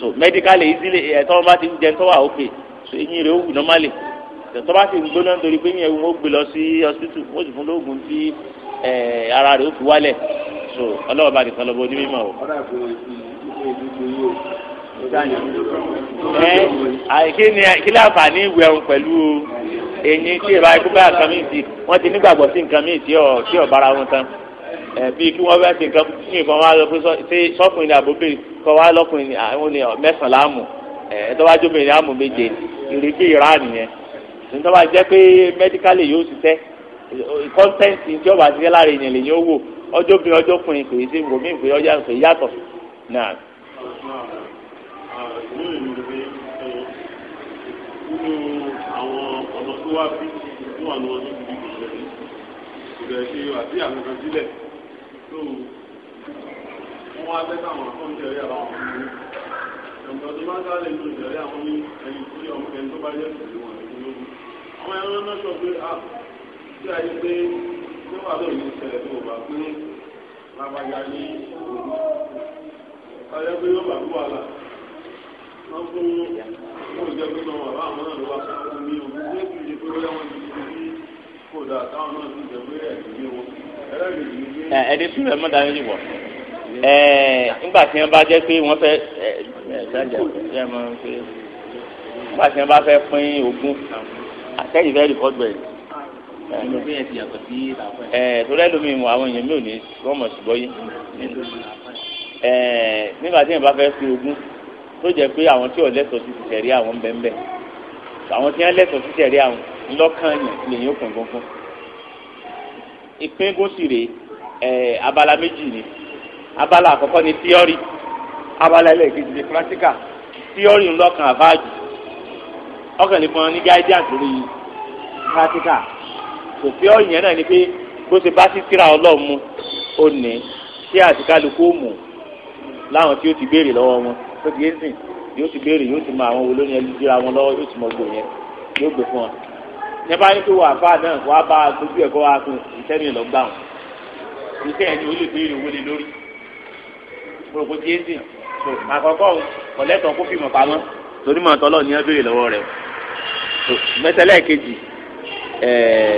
so medical easily ẹ̀ tọ́ bá ti jẹ tọ́ wà ókè so eyín rẹ̀ ó wù normally tọ́ bá ti gbóná nítorí pé yẹn wọ́n gbé lọ sí hospital wọ́n sì fún lóògùn tí ara rẹ̀ ó fi wálẹ̀ so ọlọ́wọ́ bá nìkan lọ́bọ onímọ̀ o. ẹ kí ni kí ni àǹfààní ìwẹ̀rùn pẹ̀lú eyín tí ìbá ikú bá nǹkan mìíràn tí wọ́n ti nígbàgbọ́ sí nǹkan mìíràn tí ọ̀ bára wọn tán. bíi kí wọ́n bá ṣe nǹkan fún ìkan wá lọ pé sọ́kùnrin ni àbóbìnrin kan wá lọ́kùnrin àwọn ni mẹ́sàn-án láàmù ẹ̀ẹ́dọ́ wá jóbìnrin láàmù méje ìrèké ìrá nìyẹn nítorí ọba lè wò ọjọ́ bí ọjọ́ kùnrin kò yí sí tó wọ́n wá bẹ́ẹ̀ táwọn tó ń jẹ̀rí àwọn ọmọ mi ẹ̀ǹtọ́ tí wọ́n sáré tó ń jẹ̀rí àwọn ní ẹni tí ọmọ ẹni tó bá jẹ́ ìṣòro wọn ní lórí. àwọn ẹran náà sọ pé a tí a yí pé tí wàá lóyún ìṣẹ̀lẹ̀ tó bá pé lábàjá ní òru. ayé pé yóò bá kú àlà wọ́n fún wọn ò wà láwọn náà ló wá sáwọn ní òru kódà táwọn náà ti jẹ pé ẹ̀sìn yé wọn ẹlẹ́rìí yìí yé. ẹ ẹdí sùn rẹ mọ dáná yìí wọ ẹ nígbà tí wọn bá jẹ pé wọn fẹ́ ẹ ẹ sájà ẹ mọ pé nígbà tí wọn bá fẹ́ pín ogún àtẹ̀yìn fẹ́ rìpọ́tù ẹ̀ ẹ torí ẹlòmíì mọ àwọn èèyàn mi ò ní wọ́n mọ̀ ṣùgbọ́n yé ẹ nígbà tí yẹn bá fẹ́ fi ogún tó jẹ́ pé àwọn tí ò lẹ́tọ̀ọ́ sí ti tẹ̀rí àwọn bẹ́ẹ̀ bẹ́ẹ̀ àwọn tí wọ́n lẹ́tọ̀ọ́ sí tẹ̀rí àwọn lọ́kàn yìí lèyìn òkun gbọ́ngbọ́n ìpín gòsì rè ẹ abala méjì ni abala àkọ́kọ́ ni tíọ́rì abala ẹlẹ́ẹ̀kejì ni pírátíkà tíọ́rì ńlọ́kàn àbáàjì ọkàn nìkan ní gáídíàsì lórí pírátíkà kò tíọ́rì yẹn náà ni pé bó ṣe bá sí tíra ọlọ́run mu ó ní tí àtìkálukú mú láwọn tí ó ti béèrè lọ́wọ́ wọn tó ti yé sìn yóò ti béèrè yóò ti mọ àwọn olóyìn ẹlẹ́dìra wọn lọ́wọ́ yóò ti mọ gbòòyẹn yóò gbé fún wọn nípa yín tó wà fà náà wàá bá gbogbo ẹ̀kọ́ wa kún iṣẹ́ mi lọ gbà wọn iṣẹ́ yẹn ni ó lè béèrè owó lé lórí kúròkó tí é sìn tó àkọ́kọ́ kọ̀lẹ́tọ̀ kó fìmọ̀ pamọ́ torí mọ̀ tọ́lọ́ ni ẹ béèrè lọ́wọ́ rẹ̀ mẹ́sẹ̀lẹ́ kejì ẹ̀ẹ́.